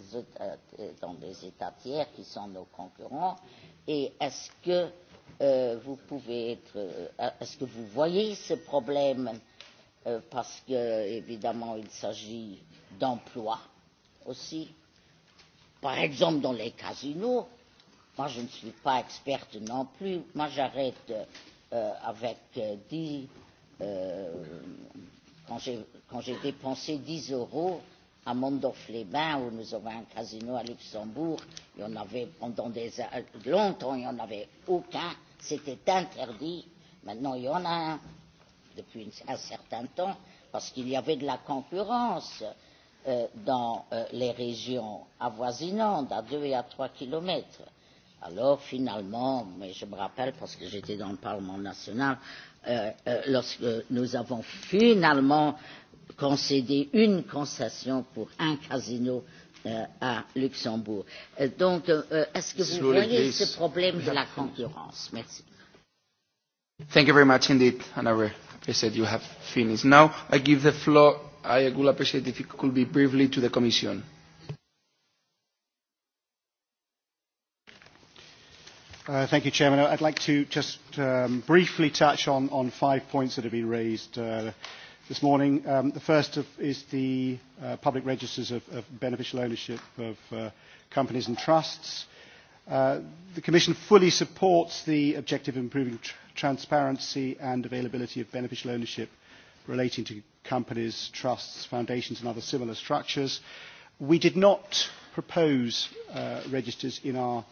euh, dans les États tiers qui sont nos concurrents et est-ce que euh, vous pouvez être, euh, est-ce que vous voyez ce problème euh, parce que évidemment il s'agit d'emplois aussi par exemple dans les casinos moi je ne suis pas experte non plus moi j'arrête euh, avec euh, dix euh, quand j'ai dépensé dix euros à mondorf les bains où nous avons un casino à luxembourg il y en avait pendant des, longtemps il n'y en avait aucun c'était interdit maintenant il y en a un depuis un certain temps parce qu'il y avait de la concurrence. Euh, euh, dans euh, les régions avoisinantes, à 2 et à 3 kilomètres. Alors finalement, mais je me rappelle parce que j'étais dans le Parlement national, euh, euh, lorsque nous avons finalement concédé une concession pour un casino euh, à Luxembourg. Euh, donc, euh, euh est-ce que vous Slowly, voyez please. ce problème de la concurrence Merci. Thank you very much indeed, Anna. I said you have finished. Now I give the floor I would appreciate if you could be briefly to the Commission. Uh, thank you, Chairman. I'd like to just um, briefly touch on, on five points that have been raised uh, this morning. Um, the first of, is the uh, public registers of, of beneficial ownership of uh, companies and trusts. Uh, the Commission fully supports the objective of improving tr transparency and availability of beneficial ownership uh, relating to companies, trusts, foundations and other similar structures. We did not propose uh, registers in our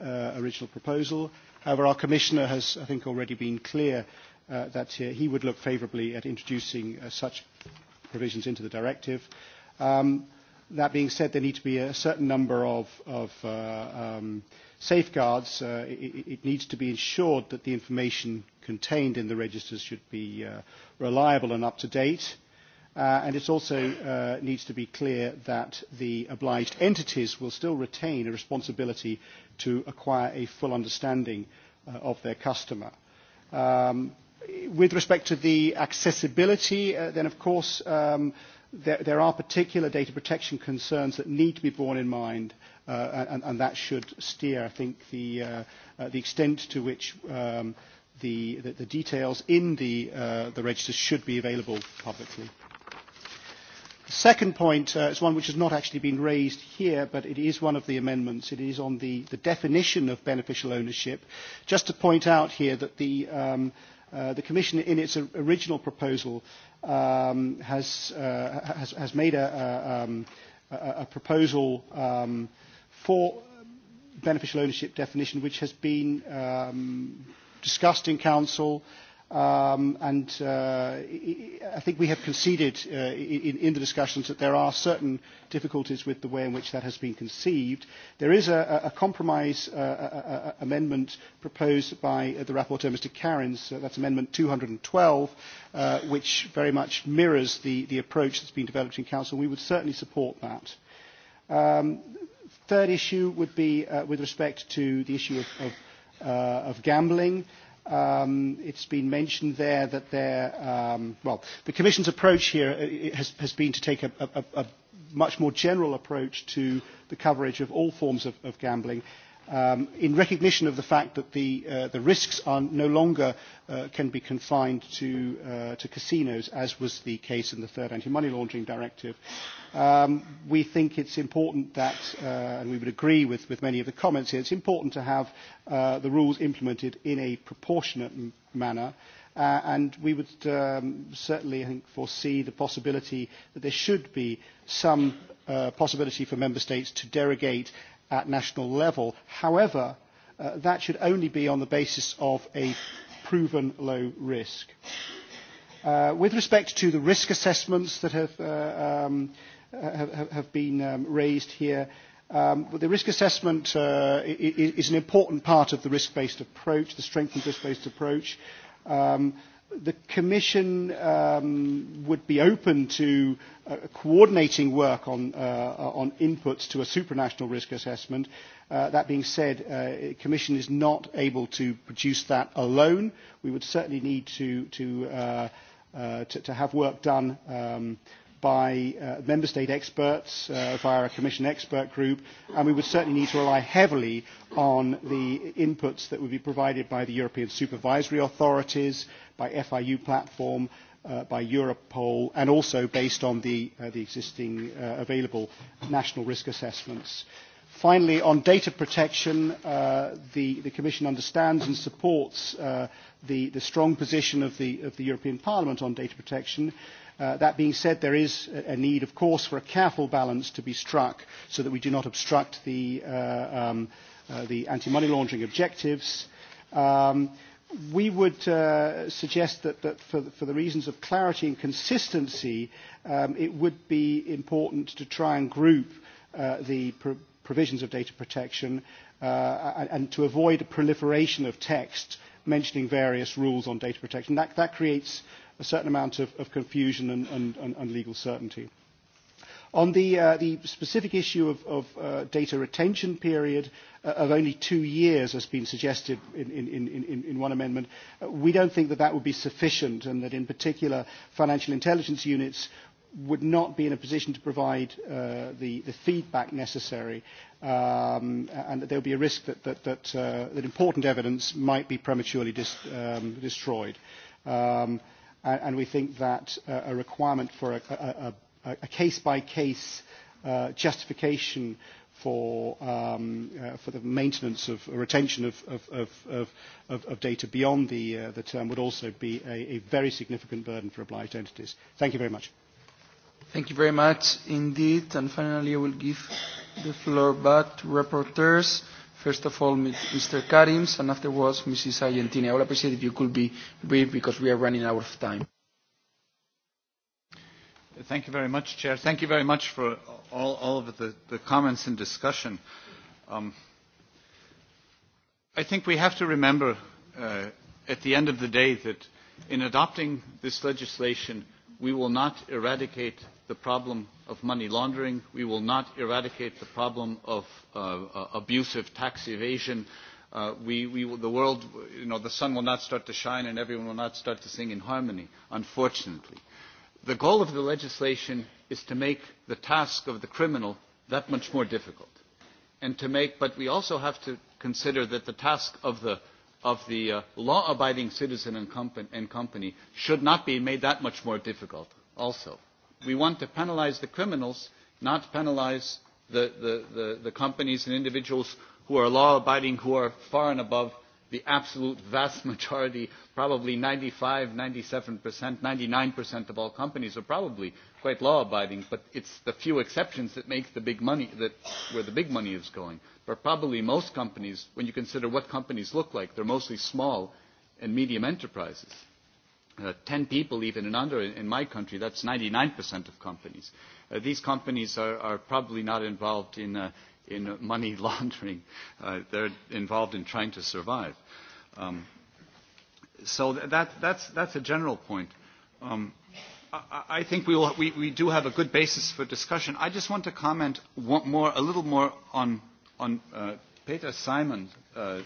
uh, original proposal. However, our Commissioner has, I think, already been clear uh, that he, he would look favourably at introducing uh, such provisions into the directive. Um, that being said, there need to be a certain number of, of uh, um, uh, safeguards, uh, it, it needs to be ensured that the information contained in the registers should be uh, reliable and up to date. Uh, and it also uh, needs to be clear that the obliged entities will still retain a responsibility to acquire a full understanding uh, of their customer. Um, with respect to the accessibility, uh, then of course um, there, there are particular data protection concerns that need to be borne in mind uh, uh, and, and that should steer, I think, the, uh, uh, the extent to which um, the, the, the details in the, uh, the registers should be available publicly. The second point uh, is one which has not actually been raised here, but it is one of the amendments. It is on the, the definition of beneficial ownership. Just to point out here that the, um, uh, the Commission, in its original proposal, um, has, uh, has, has made a, a, um, a, a proposal um, uh, for um, beneficial ownership definition, which has been um, discussed in Council. Um, and uh, I think we have conceded uh, in, in the discussions that there are certain difficulties with the way in which that has been conceived. There is a, a compromise uh, a, a, amendment proposed by uh, the rapporteur, Mr. Karins, uh, that's Amendment 212, uh, which very much mirrors the, the approach that's been developed in Council. We would certainly support that. Um, Third issue would be uh, with respect to the issue of, of, uh, of gambling. Um, it's been mentioned there that there, um, well, the Commission's approach here uh, has, has been to take a, a, a much more general approach to the coverage of all forms of, of gambling. Uh, um, in recognition of the fact that the, uh, the risks are no longer uh, can be confined to, uh, to casinos, as was the case in the third anti-money laundering directive, um, we think it's important that, uh, and we would agree with, with many of the comments here, it's important to have uh, the rules implemented in a proportionate m- manner. Uh, and we would um, certainly, I think, foresee the possibility that there should be some uh, possibility for member states to derogate at national level. However, uh, that should only be on the basis of a proven low risk. Uh, with respect to the risk assessments that have, uh, um, have, have been um, raised here, um, the risk assessment uh, is, is an important part of the risk-based approach, the strengthened risk-based approach. Um, the Commission um, would be open to uh, coordinating work on, uh, on inputs to a supranational risk assessment. Uh, that being said, the uh, Commission is not able to produce that alone. We would certainly need to, to, uh, uh, to, to have work done um, uh, by uh, member state experts uh, via a commission expert group, and we would certainly need to rely heavily on the inputs that would be provided by the European supervisory authorities, by FIU platform, uh, by Europol, and also based on the, uh, the existing uh, available national risk assessments. Finally, on data protection, uh, the, the Commission understands and supports uh, the, the strong position of the, of the European Parliament on data protection. Uh, Uh, that being said, there is a need, of course, for a careful balance to be struck so that we do not obstruct the, uh, um, uh, the anti-money laundering objectives. Um, we would uh, suggest that, that for, the, for the reasons of clarity and consistency, um, it would be important to try and group uh, the pr provisions of data protection uh, and, and to avoid a proliferation of text mentioning various rules on data protection. That, that creates uh, a certain amount of, of confusion and, and, and, and legal certainty. On the, uh, the specific issue of, of uh, data retention period uh, of only two years, as been suggested in, in, in, in one amendment, uh, we don't think that that would be sufficient and that, in particular, financial intelligence units would not be in a position to provide uh, the, the feedback necessary, um, and that there would be a risk that, that, that, uh, that important evidence might be prematurely dis, um, destroyed. Um, uh, and, and we think that uh, a requirement for a, a, a, a case-by-case -case, uh, justification for, um, uh, for the maintenance of retention of, of, of, of, of data beyond the, uh, the term would also be a, a very significant burden for obliged entities. Thank you very much. Thank you very much indeed. And finally, I will give the floor back to reporters. First of all, Mr. Karims, and afterwards, Mrs. Argentini. I would appreciate if you could be brief because we are running out of time. Thank you very much, Chair. Thank you very much for all, all of the, the comments and discussion. Um, I think we have to remember uh, at the end of the day that in adopting this legislation, we will not eradicate the problem of money laundering. We will not eradicate the problem of uh, uh, abusive tax evasion. Uh, we, we, the world, you know, the sun will not start to shine and everyone will not start to sing in harmony, unfortunately. The goal of the legislation is to make the task of the criminal that much more difficult. And to make, but we also have to consider that the task of the, of the uh, law-abiding citizen and, comp and company should not be made that much more difficult also we want to penalise the criminals, not penalise the, the, the, the companies and individuals who are law abiding, who are far and above the absolute vast majority, probably 95, 97%, 99% of all companies are probably quite law abiding, but it's the few exceptions that make the big money, that, where the big money is going. But probably most companies, when you consider what companies look like, they're mostly small and medium enterprises uh, 10 people even and under in my country, that's 99% of companies. Uh, these companies are, are probably not involved in, uh, in money laundering. Uh, they're involved in trying to survive. Um, so that, that's, that's a general point. Um, I, I think we, will, we, we do have a good basis for discussion. I just want to comment one more, a little more on, on uh, Peter Simon, uh,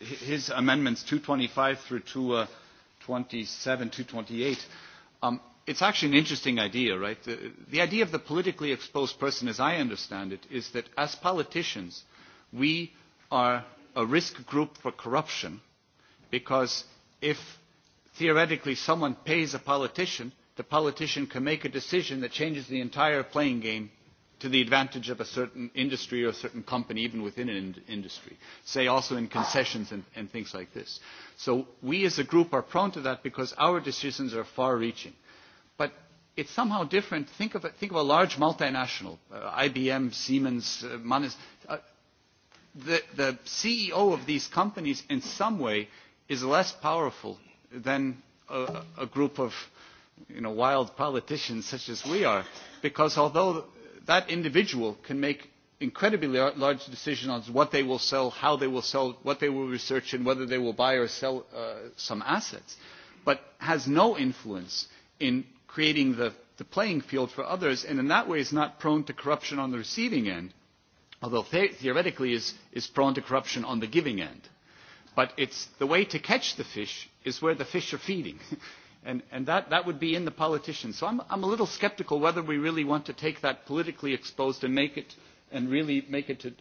his amendments 225 through 2. Uh, 27 to 28, um, it's actually an interesting idea, right? The, the idea of the politically exposed person, as I understand it, is that as politicians, we are a risk group for corruption because if theoretically someone pays a politician, the politician can make a decision that changes the entire playing game to the advantage of a certain industry or a certain company, even within an in industry, say also in concessions and, and things like this. So we as a group are prone to that because our decisions are far-reaching. But it's somehow different. Think of a, think of a large multinational, uh, IBM, Siemens, uh, Manis. Uh, the, the CEO of these companies in some way is less powerful than a, a group of you know, wild politicians such as we are, because although that individual can make incredibly large decisions on what they will sell, how they will sell, what they will research, and whether they will buy or sell uh, some assets, but has no influence in creating the, the playing field for others, and in that way is not prone to corruption on the receiving end, although the- theoretically is, is prone to corruption on the giving end. But it's the way to catch the fish is where the fish are feeding. And, and that, that would be in the politicians. So I'm, I'm a little skeptical whether we really want to take that politically exposed and make it and really make it to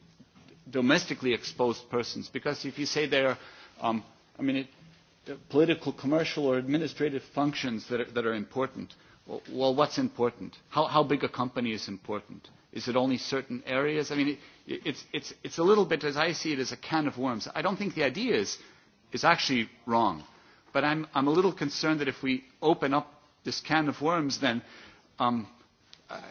domestically exposed persons. Because if you say they're, um, I mean, it, political, commercial, or administrative functions that are, that are important. Well, well, what's important? How, how big a company is important? Is it only certain areas? I mean, it, it's, it's, it's a little bit, as I see it, as a can of worms. I don't think the idea is, is actually wrong but I'm, I'm a little concerned that if we open up this can of worms, then, um, uh,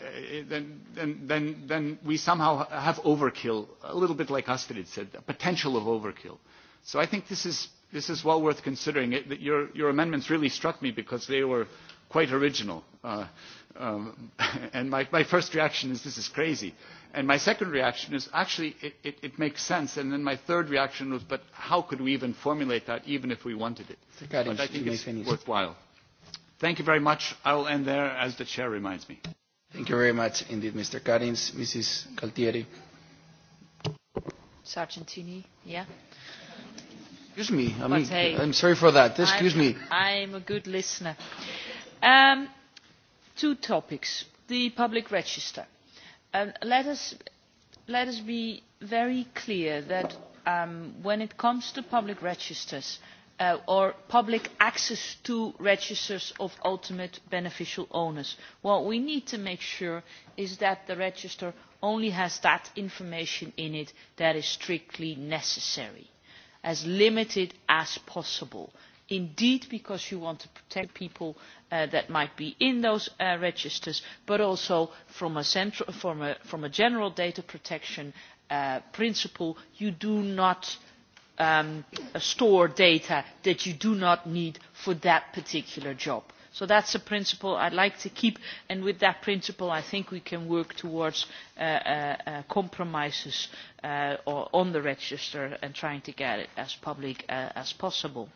then, then, then, then we somehow have overkill, a little bit like Astrid said, the potential of overkill. So I think this is this is well worth considering. It, your, your amendments really struck me because they were quite original. Uh, um, and my, my first reaction is, this is crazy. And my second reaction is, actually, it, it, it makes sense. And then my third reaction was, but how could we even formulate that, even if we wanted it? Karim, but I think it's finish. worthwhile. Thank you very much. I will end there, as the chair reminds me. Thank you very much indeed, Mr. Karins. Mrs. Galtieri. Sargentini, yeah. Excuse me, I'm, but, hey, I'm sorry for that. Excuse I'm, me. I'm a good listener. Um, two topics. The public register. Um, let, us, let us be very clear that um, when it comes to public registers uh, or public access to registers of ultimate beneficial owners, what we need to make sure is that the register only has that information in it that is strictly necessary as limited as possible indeed because you want to protect people uh, that might be in those uh, registers but also from a, central, from a, from a general data protection uh, principle you do not um, store data that you do not need for that particular job so that is a principle i would like to keep and with that principle i think we can work towards uh, uh, uh compromises uh, on the register and trying to get it as public uh, as possible.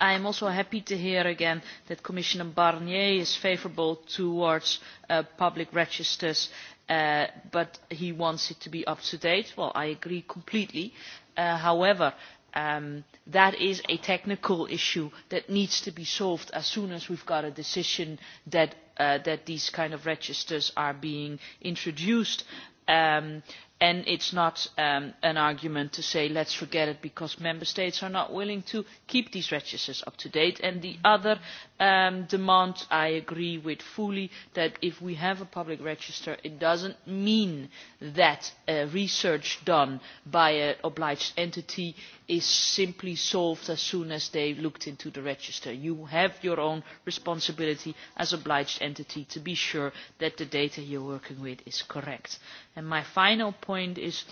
I am also happy to hear again that Commissioner Barnier is favourable towards uh, public registers, uh, but he wants it to be up to date. Well, I agree completely. Uh, however um, that is a technical issue that needs to be solved as soon as we've got a decision that, uh, that these kind of registers are being introduced. Um, and it is not um, an argument to say let us forget it because member states are not willing to keep these registers up to date. And the other um, demand i agree with fully that if we have a public register it does not mean that uh, research done by an obliged entity is simply solved as soon as they looked into the register. you have your own responsibility as an obliged entity to be sure that the data you are working with is correct. And my final point is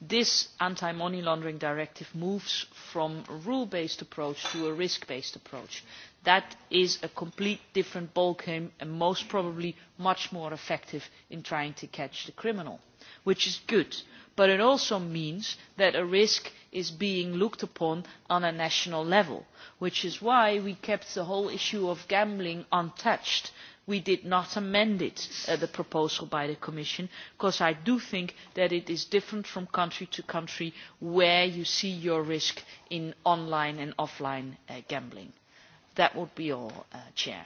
this anti-money laundering directive moves from a rule-based approach to a risk-based approach. That is a complete different ballgame and most probably much more effective in trying to catch the criminal, which is good. But it also means that a risk is being looked upon on a national level, which is why we kept the whole issue of gambling untouched we did not amend it, uh, the proposal by the Commission, because I do think that it is different from country to country where you see your risk in online and offline uh, gambling. That would be all, uh, Chair.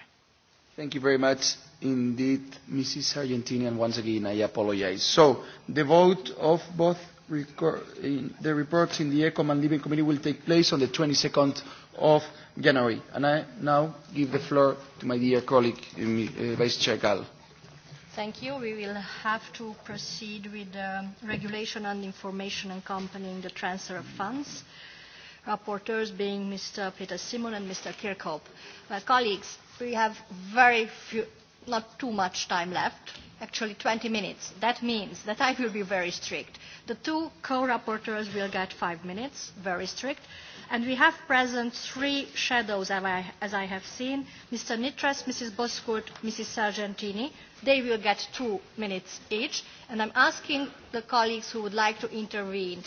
Thank you very much indeed, Mrs. Argentini, and once again I apologize. So, the vote of both record, in the reports in the ECOM and Living Committee will take place on the 22nd of January. And I now give the floor to my dear colleague, uh, uh, Vice Chair Gall. Thank you. We will have to proceed with the regulation and information accompanying the transfer of funds, rapporteurs being Mr. Peter Simon and Mr. Kirkhope. My colleagues, we have very few, not too much time left, actually 20 minutes. That means that I will be very strict. The two co-rapporteurs will get five minutes, very strict. And we have present three shadows, as I have seen, Mr. Nitras, Mrs. Boskurt, Mrs. Sargentini. They will get two minutes each. And I'm asking the colleagues who would like to intervene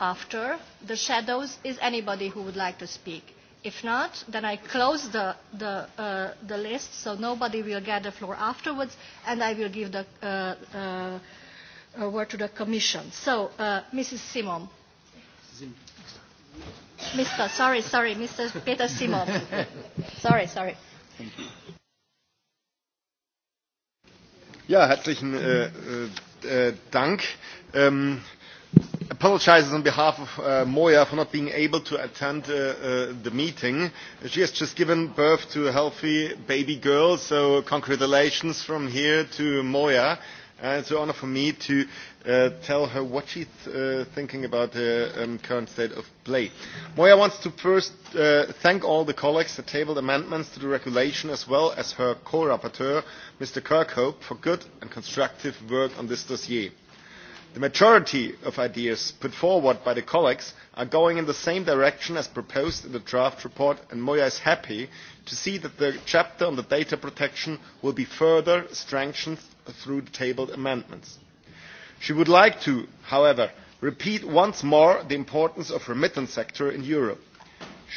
after the shadows, is anybody who would like to speak? If not, then I close the, the, uh, the list, so nobody will get the floor afterwards, and I will give the uh, uh, word to the Commission. So, uh, Mrs. Simon. Sim. Mr. Sorry, sorry, Mr. Peter Simon. sorry, sorry. Thank you. Ja, herzlichen äh, äh, äh Dank. Ähm, apologizes on behalf of uh, Moya for not being able to attend uh, uh, the meeting. She has just given birth to a healthy baby girl, so congratulations from here to Moya. Uh, it's an honor for me to uh, uh, tell her what she's uh, thinking about the um, current state of play. Moya wants to first uh, thank all the colleagues that tabled amendments to the regulation as well as her co-rapporteur, Mr. Kirkhope, for good and constructive work on this dossier. The majority of ideas put forward by the colleagues are going in the same direction as proposed in the draft report and Moya is happy to see that the chapter on the data protection will be further strengthened through the tabled amendments she would like to however repeat once more the importance of the remittance sector in europe.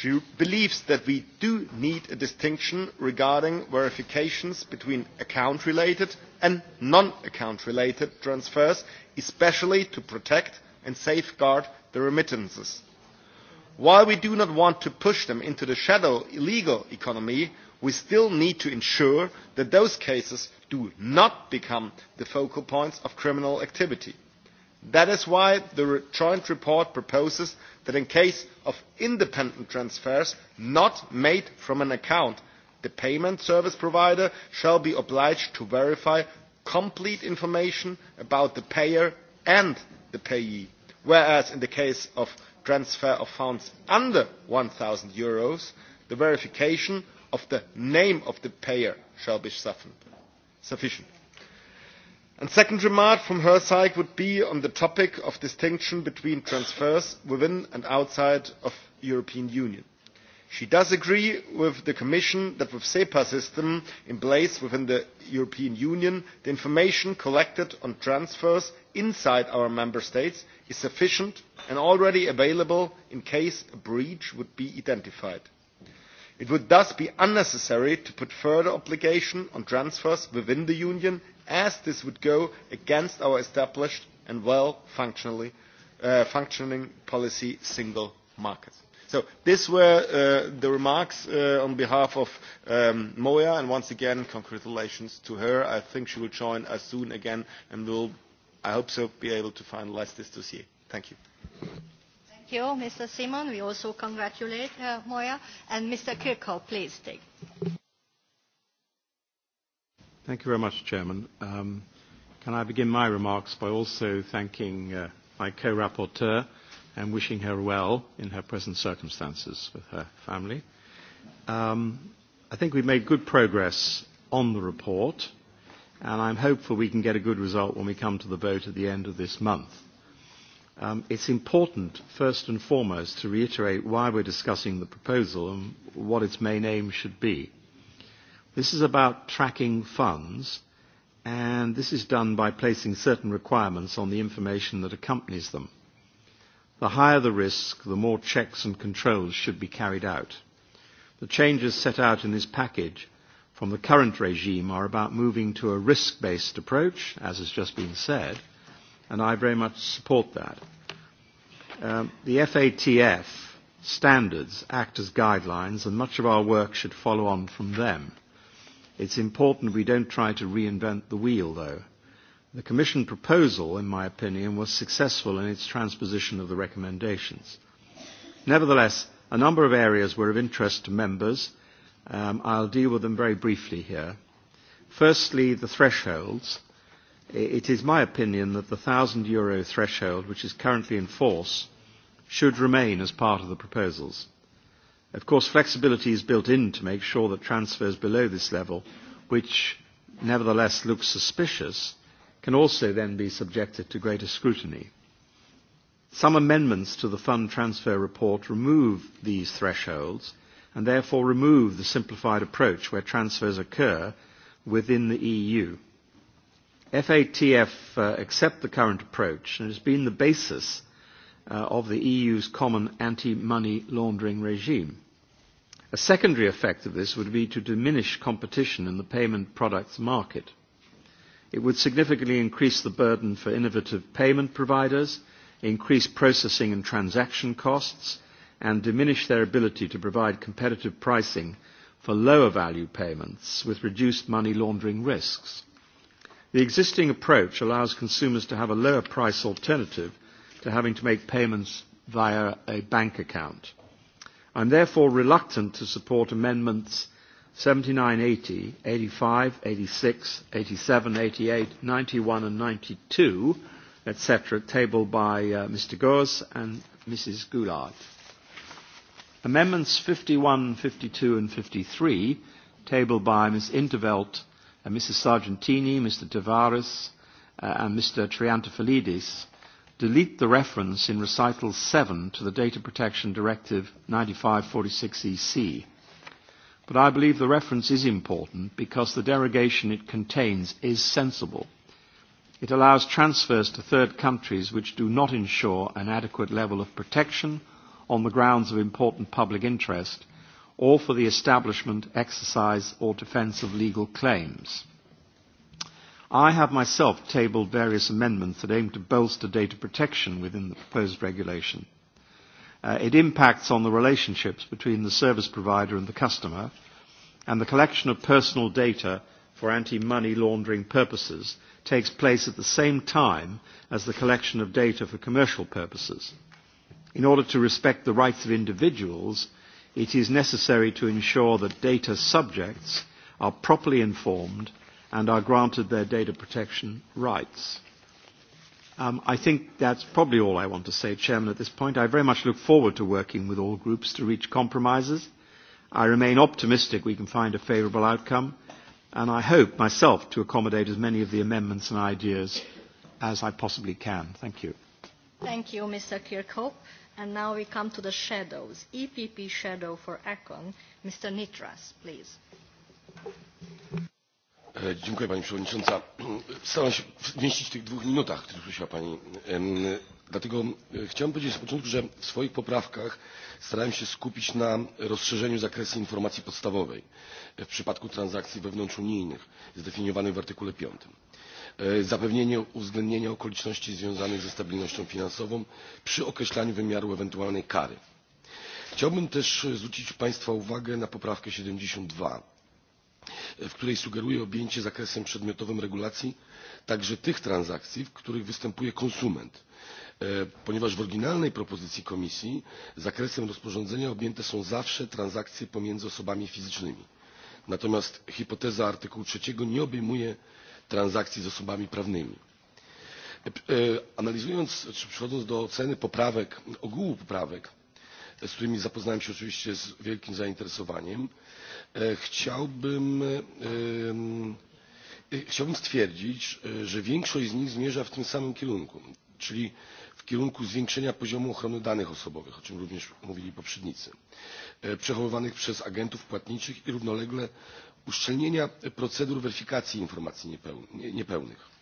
she believes that we do need a distinction regarding verifications between account related and non account related transfers especially to protect and safeguard the remittances. while we do not want to push them into the shadow illegal economy we still need to ensure that those cases do not become the focal points of criminal activity. That is why the joint report proposes that in case of independent transfers not made from an account, the payment service provider shall be obliged to verify complete information about the payer and the payee, whereas in the case of transfer of funds under €1,000, the verification of the name of the payer shall be sufficient. And second remark from her side would be on the topic of distinction between transfers within and outside of the European Union. She does agree with the Commission that with SEPA system in place within the European Union, the information collected on transfers inside our member states is sufficient and already available in case a breach would be identified it would thus be unnecessary to put further obligation on transfers within the union as this would go against our established and well uh, functioning policy single market. So these were uh, the remarks uh, on behalf of um, Moya, and once again, congratulations to her. I think she will join us soon again, and we'll, I hope so, be able to finalize this dossier. Thank you. Thank you, Mr. Simon. We also congratulate uh, Moya. And Mr. Kirkhope, please take. Thank you very much, Chairman. Um, can I begin my remarks by also thanking uh, my co-rapporteur and wishing her well in her present circumstances with her family. Um, I think we've made good progress on the report, and I'm hopeful we can get a good result when we come to the vote at the end of this month. Um, it's important, first and foremost, to reiterate why we're discussing the proposal and what its main aim should be. This is about tracking funds, and this is done by placing certain requirements on the information that accompanies them. The higher the risk, the more checks and controls should be carried out. The changes set out in this package from the current regime are about moving to a risk-based approach, as has just been said – and I very much support that. Um, the FATF standards act as guidelines, and much of our work should follow on from them. It's important we don't try to reinvent the wheel, though. The Commission proposal, in my opinion, was successful in its transposition of the recommendations. Nevertheless, a number of areas were of interest to members. Um, I'll deal with them very briefly here. Firstly, the thresholds. Uh, it is my opinion that the thousand euro threshold, which is currently in force, should remain as part of the proposals. Of course, flexibility is built in to make sure that transfers below this level, which nevertheless look suspicious, can also then be subjected to greater scrutiny. Some amendments to the fund transfer report remove these thresholds and therefore remove the simplified approach where transfers occur within the EU. FATF uh, accept the current approach and has been the basis uh, of the EU's common anti-money laundering regime. A secondary effect of this would be to diminish competition in the payment products market. It would significantly increase the burden for innovative payment providers, increase processing and transaction costs, and diminish their ability to provide competitive pricing for lower value payments with reduced money laundering risks. The existing approach allows consumers to have a lower price alternative to having to make payments via a bank account. I'm therefore reluctant to support amendments 79, 80, 85, 86, 87, 88, 91 and 92, etc., tabled by uh, Mr. Gores and Mrs. Goulard. Amendments 51, 52 and 53, tabled by Ms. Intervelt uh, Mrs. Sargentini, Mr. Tavares, uh, and Mr. Triantafilidis delete the reference in Recital 7 to the Data Protection Directive 9546EC. E But I believe the reference is important because the derogation it contains is sensible. It allows transfers to third countries which do not ensure an adequate level of protection on the grounds of important public interest or for the establishment, exercise or defence of legal claims. I have myself tabled various amendments that aim to bolster data protection within the proposed regulation. Uh, it impacts on the relationships between the service provider and the customer, and the collection of personal data for anti-money laundering purposes takes place at the same time as the collection of data for commercial purposes. In order to respect the rights of individuals, it is necessary to ensure that data subjects are properly informed and are granted their data protection rights. Um, I think that's probably all I want to say, Chairman, at this point. I very much look forward to working with all groups to reach compromises. I remain optimistic we can find a favourable outcome, and I hope myself to accommodate as many of the amendments and ideas as I possibly can. Thank you. Thank you, Mr. Kirkhope. And now we come to the shadows. EPP shadow for ECON, Mr. Nitras, please. E, dziękuję Pani Przewodnicząca. Staram się mieścić w tych dwóch minutach, które prosiła Pani. Dlatego e, chciałem powiedzieć na początku, że w swoich poprawkach starałem się skupić na rozszerzeniu zakresu informacji podstawowej w przypadku transakcji wewnątrzunijnych zdefiniowanych w artykule 5. E, zapewnienie uwzględnienia okoliczności związanych ze stabilnością finansową przy określaniu wymiaru ewentualnej kary. Chciałbym też zwrócić Państwa uwagę na poprawkę 72, w której sugeruję objęcie zakresem przedmiotowym regulacji także tych transakcji, w których występuje konsument, e, ponieważ w oryginalnej propozycji Komisji zakresem rozporządzenia objęte są zawsze transakcje pomiędzy osobami fizycznymi. Natomiast hipoteza artykułu 3 nie obejmuje transakcji z osobami prawnymi. E, e, analizując czy przechodząc do oceny poprawek, ogółu poprawek, z którymi zapoznałem się oczywiście z wielkim zainteresowaniem, e, chciałbym, chciałbym stwierdzić, że większość z nich zmierza w tym samym kierunku, czyli w kierunku zwiększenia poziomu ochrony danych osobowych, o czym również mówili poprzednicy, przechowywanych przez agentów płatniczych i równolegle uszczelnienia procedur weryfikacji informacji niepełnych.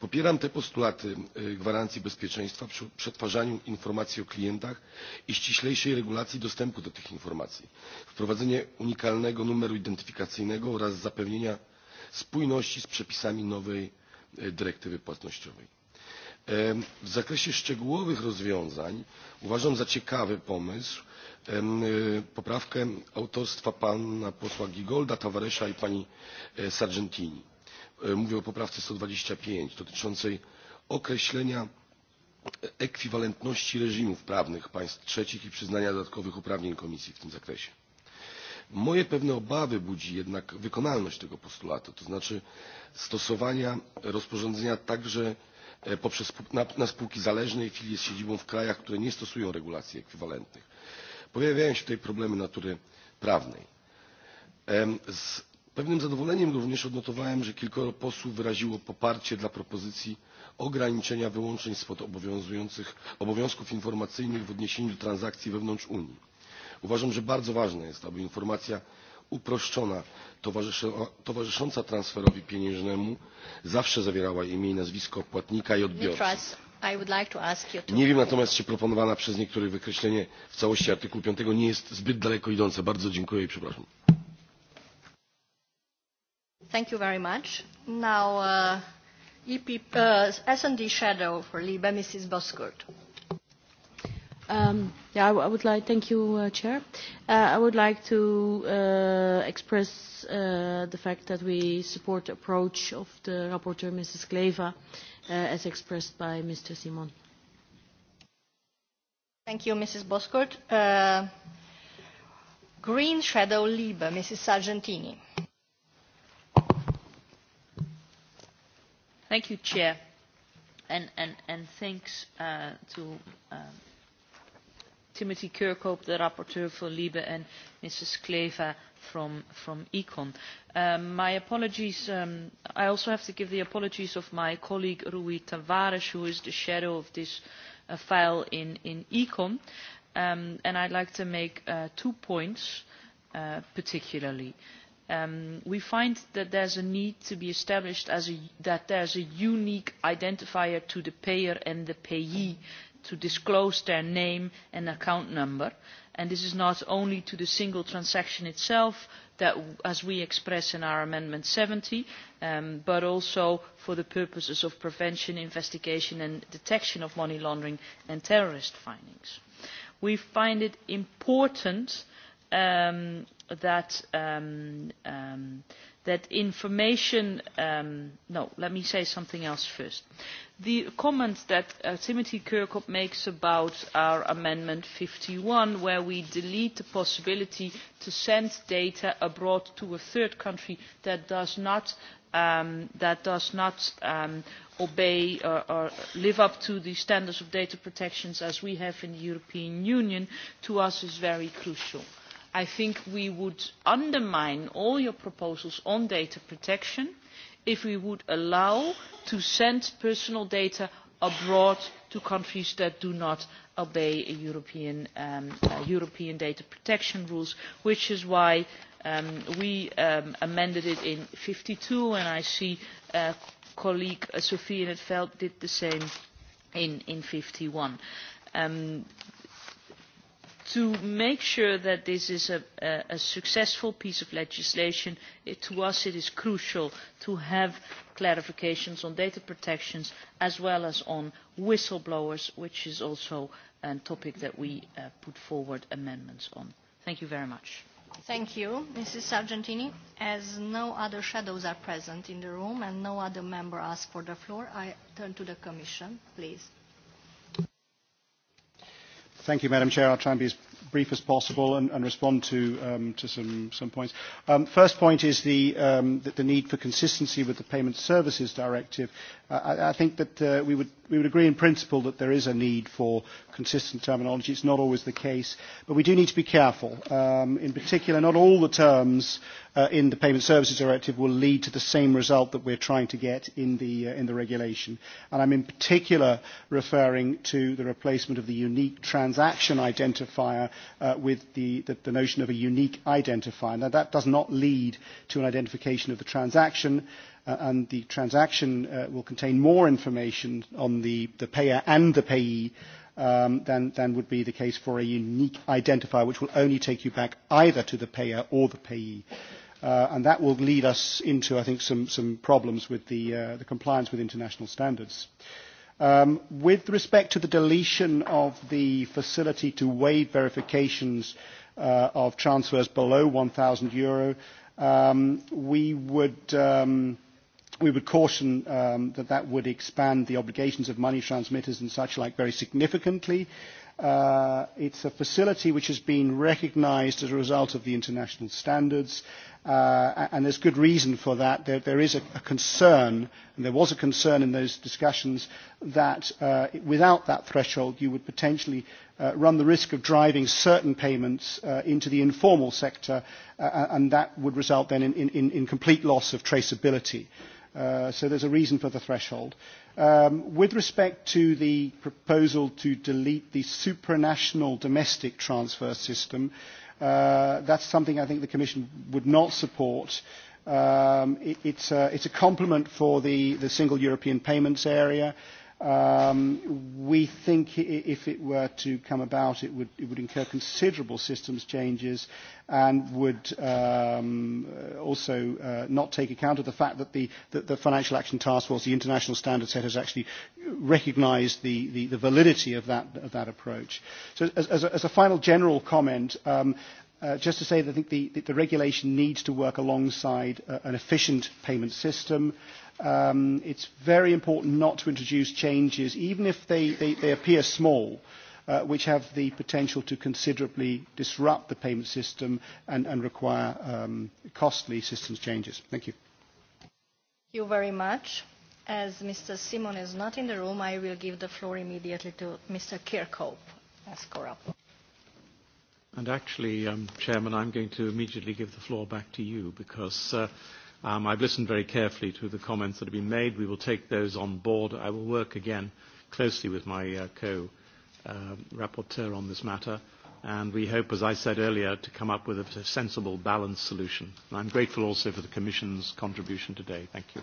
popieram te postulaty gwarancji bezpieczeństwa przy przetwarzaniu informacji o klientach i ściślejszej regulacji dostępu do tych informacji wprowadzenie unikalnego numeru identyfikacyjnego oraz zapewnienia spójności z przepisami nowej dyrektywy płatnościowej w zakresie szczegółowych rozwiązań uważam za ciekawy pomysł poprawkę autorstwa pana posła giegolda tavaresa i pani e, sargentini e, mówię o poprawce sto dwadzieścia pięć dotyczącej określenia ekwiwalentności reżimów prawnych państw trzecich i przyznania dodatkowych uprawnień komisji w tym zakresie. moje pewne obawy budzi jednak wykonalność tego postulatu to znaczy stosowania rozporządzenia także e, poprzez, na, na spółki zależne i filie z siedzibą w krajach które nie stosują regulacji ekwiwalentnych pojawiają się tutaj problemy natury prawnej. Z pewnym zadowoleniem również odnotowałem, że kilkoro posłów wyraziło poparcie dla propozycji ograniczenia wyłączeń spod obowiązujących obowiązków informacyjnych w odniesieniu do transakcji wewnątrz Unii. Uważam, że bardzo ważne jest, aby informacja uproszczona towarzysząca transferowi pieniężnemu zawsze zawierała imię i nazwisko płatnika i odbiorcy. Like to... Nie wiem natomiast, czy proponowana przez niektórych wykreślenie w całości artykułu 5 nie jest zbyt daleko idące. Bardzo dziękuję i przepraszam. Thank you very much. Now, uh, EP, uh, S&D Shadow for Libe, Mrs. Boskurt. Um, yeah, I would like, thank you, uh, Chair. Uh, I would like to uh, express uh, the fact that we support the approach of the rapporteur, Mrs. Kleva, uh, as expressed by Mr. Simon. Thank you, Mrs. Boscourt. Uh, Green Shadow Libe, Mrs. Sargentini. Thank you, Chair, and, and, and thanks uh, to um, Timothy Kirkhope, the rapporteur for Liebe, and Mrs. Kleva from, from Econ. Um, my apologies, um, I also have to give the apologies of my colleague Rui Tavares, who is the shadow of this uh, file in, in Econ. Um, and I'd like to make uh, two points uh, particularly. Um, we find that there is a need to be established a, that there is a unique identifier to the payer and the payee to disclose their name and account number. And this is not only to the single transaction itself, that, as we express in our Amendment 70, um, but also for the purposes of prevention, investigation and detection of money laundering and terrorist findings. We find it important um, that, um, um, that information... Um, no, let me say something else first the comments that uh, Timothy Kirkhope makes about our Amendment 51, where we delete the possibility to send data abroad to a third country that does not, um, that does not um, obey or, uh, or live up to the standards of data protection as we have in the European Union, to us is very crucial. I think we would undermine all your proposals on data protection if we would allow to send personal data abroad to countries that do not obey European, um, uh, European data protection rules, which is why um, we um, amended it in 52, and I see uh, colleague uh, Sophie Inetfeld did the same in, in 51. Um, to make sure that this is a, a, a successful piece of legislation, it, to us it is crucial to have clarifications on data protection as well as on whistleblowers, which is also a topic that we uh, put forward amendments on. Thank you very much. Thank you, Mrs. Sargentini. As no other shadows are present in the room and no other member asked for the floor, I turn to the Commission, please. Thank you, Madam Chair. I'll try and be as brief as possible and, and respond to, um, to some, some points. Um, first point is the, um, the, the need for consistency with the Payment Services Directive. Uh, I, I think that uh, we, would, we would agree in principle that there is a need for consistent terminology. It's not always the case, but we do need to be careful. Um, in particular, not all the terms uh, in the Payment Services Directive will lead to the same result that we're trying to get in the, uh, in the regulation. And I'm in particular referring to the replacement of the unique transaction identifier uh, with the, the, the notion of a unique identifier. Now, that does not lead to an identification of the transaction, uh, and the transaction uh, will contain more information on the, the payer and the payee um, than, than would be the case for a unique identifier, which will only take you back either to the payer or the payee. Uh, and that will lead us into, I think, some, some problems with the, uh, the compliance with international standards. Uh, Um, with respect to the deletion of the facility to waive verifications uh, of transfers below 1,000 euro, um, we would um, we would caution um, that that would expand the obligations of money transmitters and such like very significantly. Uh, Uh, it's a facility which has been recognized as a result of the international standards, uh, and there's good reason for that. There, there is a, a concern, and there was a concern in those discussions, that uh, without that threshold you would potentially uh, run the risk of driving certain payments uh, into the informal sector, uh, and that would result then in, in, in complete loss of traceability. Uh, so there's a reason for the threshold. Uh, Um, with respect to the proposal to delete the supranational domestic transfer system, uh, that's something I think the Commission would not support. Um, it, it's, a, it's a complement for the, the single European payments area. Uh, Um, we think if it were to come about, it would, it would incur considerable systems changes and would um, uh, also uh, not take account of the fact that the, that the Financial Action Task Force, the international standard set, has actually recognized the, the, the validity of that, of that approach. So as, as, a, as a final general comment, um, Uh, just to say that I think the, the regulation needs to work alongside uh, an efficient payment system um, it's very important not to introduce changes, even if they, they, they appear small, uh, which have the potential to considerably disrupt the payment system and, and require um, costly systems changes. Thank you. Thank you very much. As Mr. Simon is not in the room, I will give the floor immediately to Mr. Kirkhope as co-rapporteur. And actually, um, Chairman, I'm going to immediately give the floor back to you because uh, Um, I've listened very carefully to the comments that have been made. We will take those on board. I will work again closely with my uh, co-rapporteur um, uh, on this matter, and we hope, as I said earlier, to come up with a sensible, balanced solution. And I'm grateful also for the Commission's contribution today. Thank you.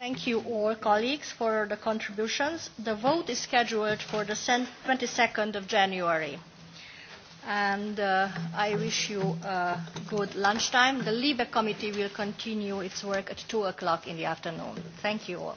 Thank you all colleagues for the contributions. The vote is scheduled for the 22nd of January and uh, I wish you a good lunchtime. The LIBE committee will continue its work at 2 o'clock in the afternoon. Thank you all.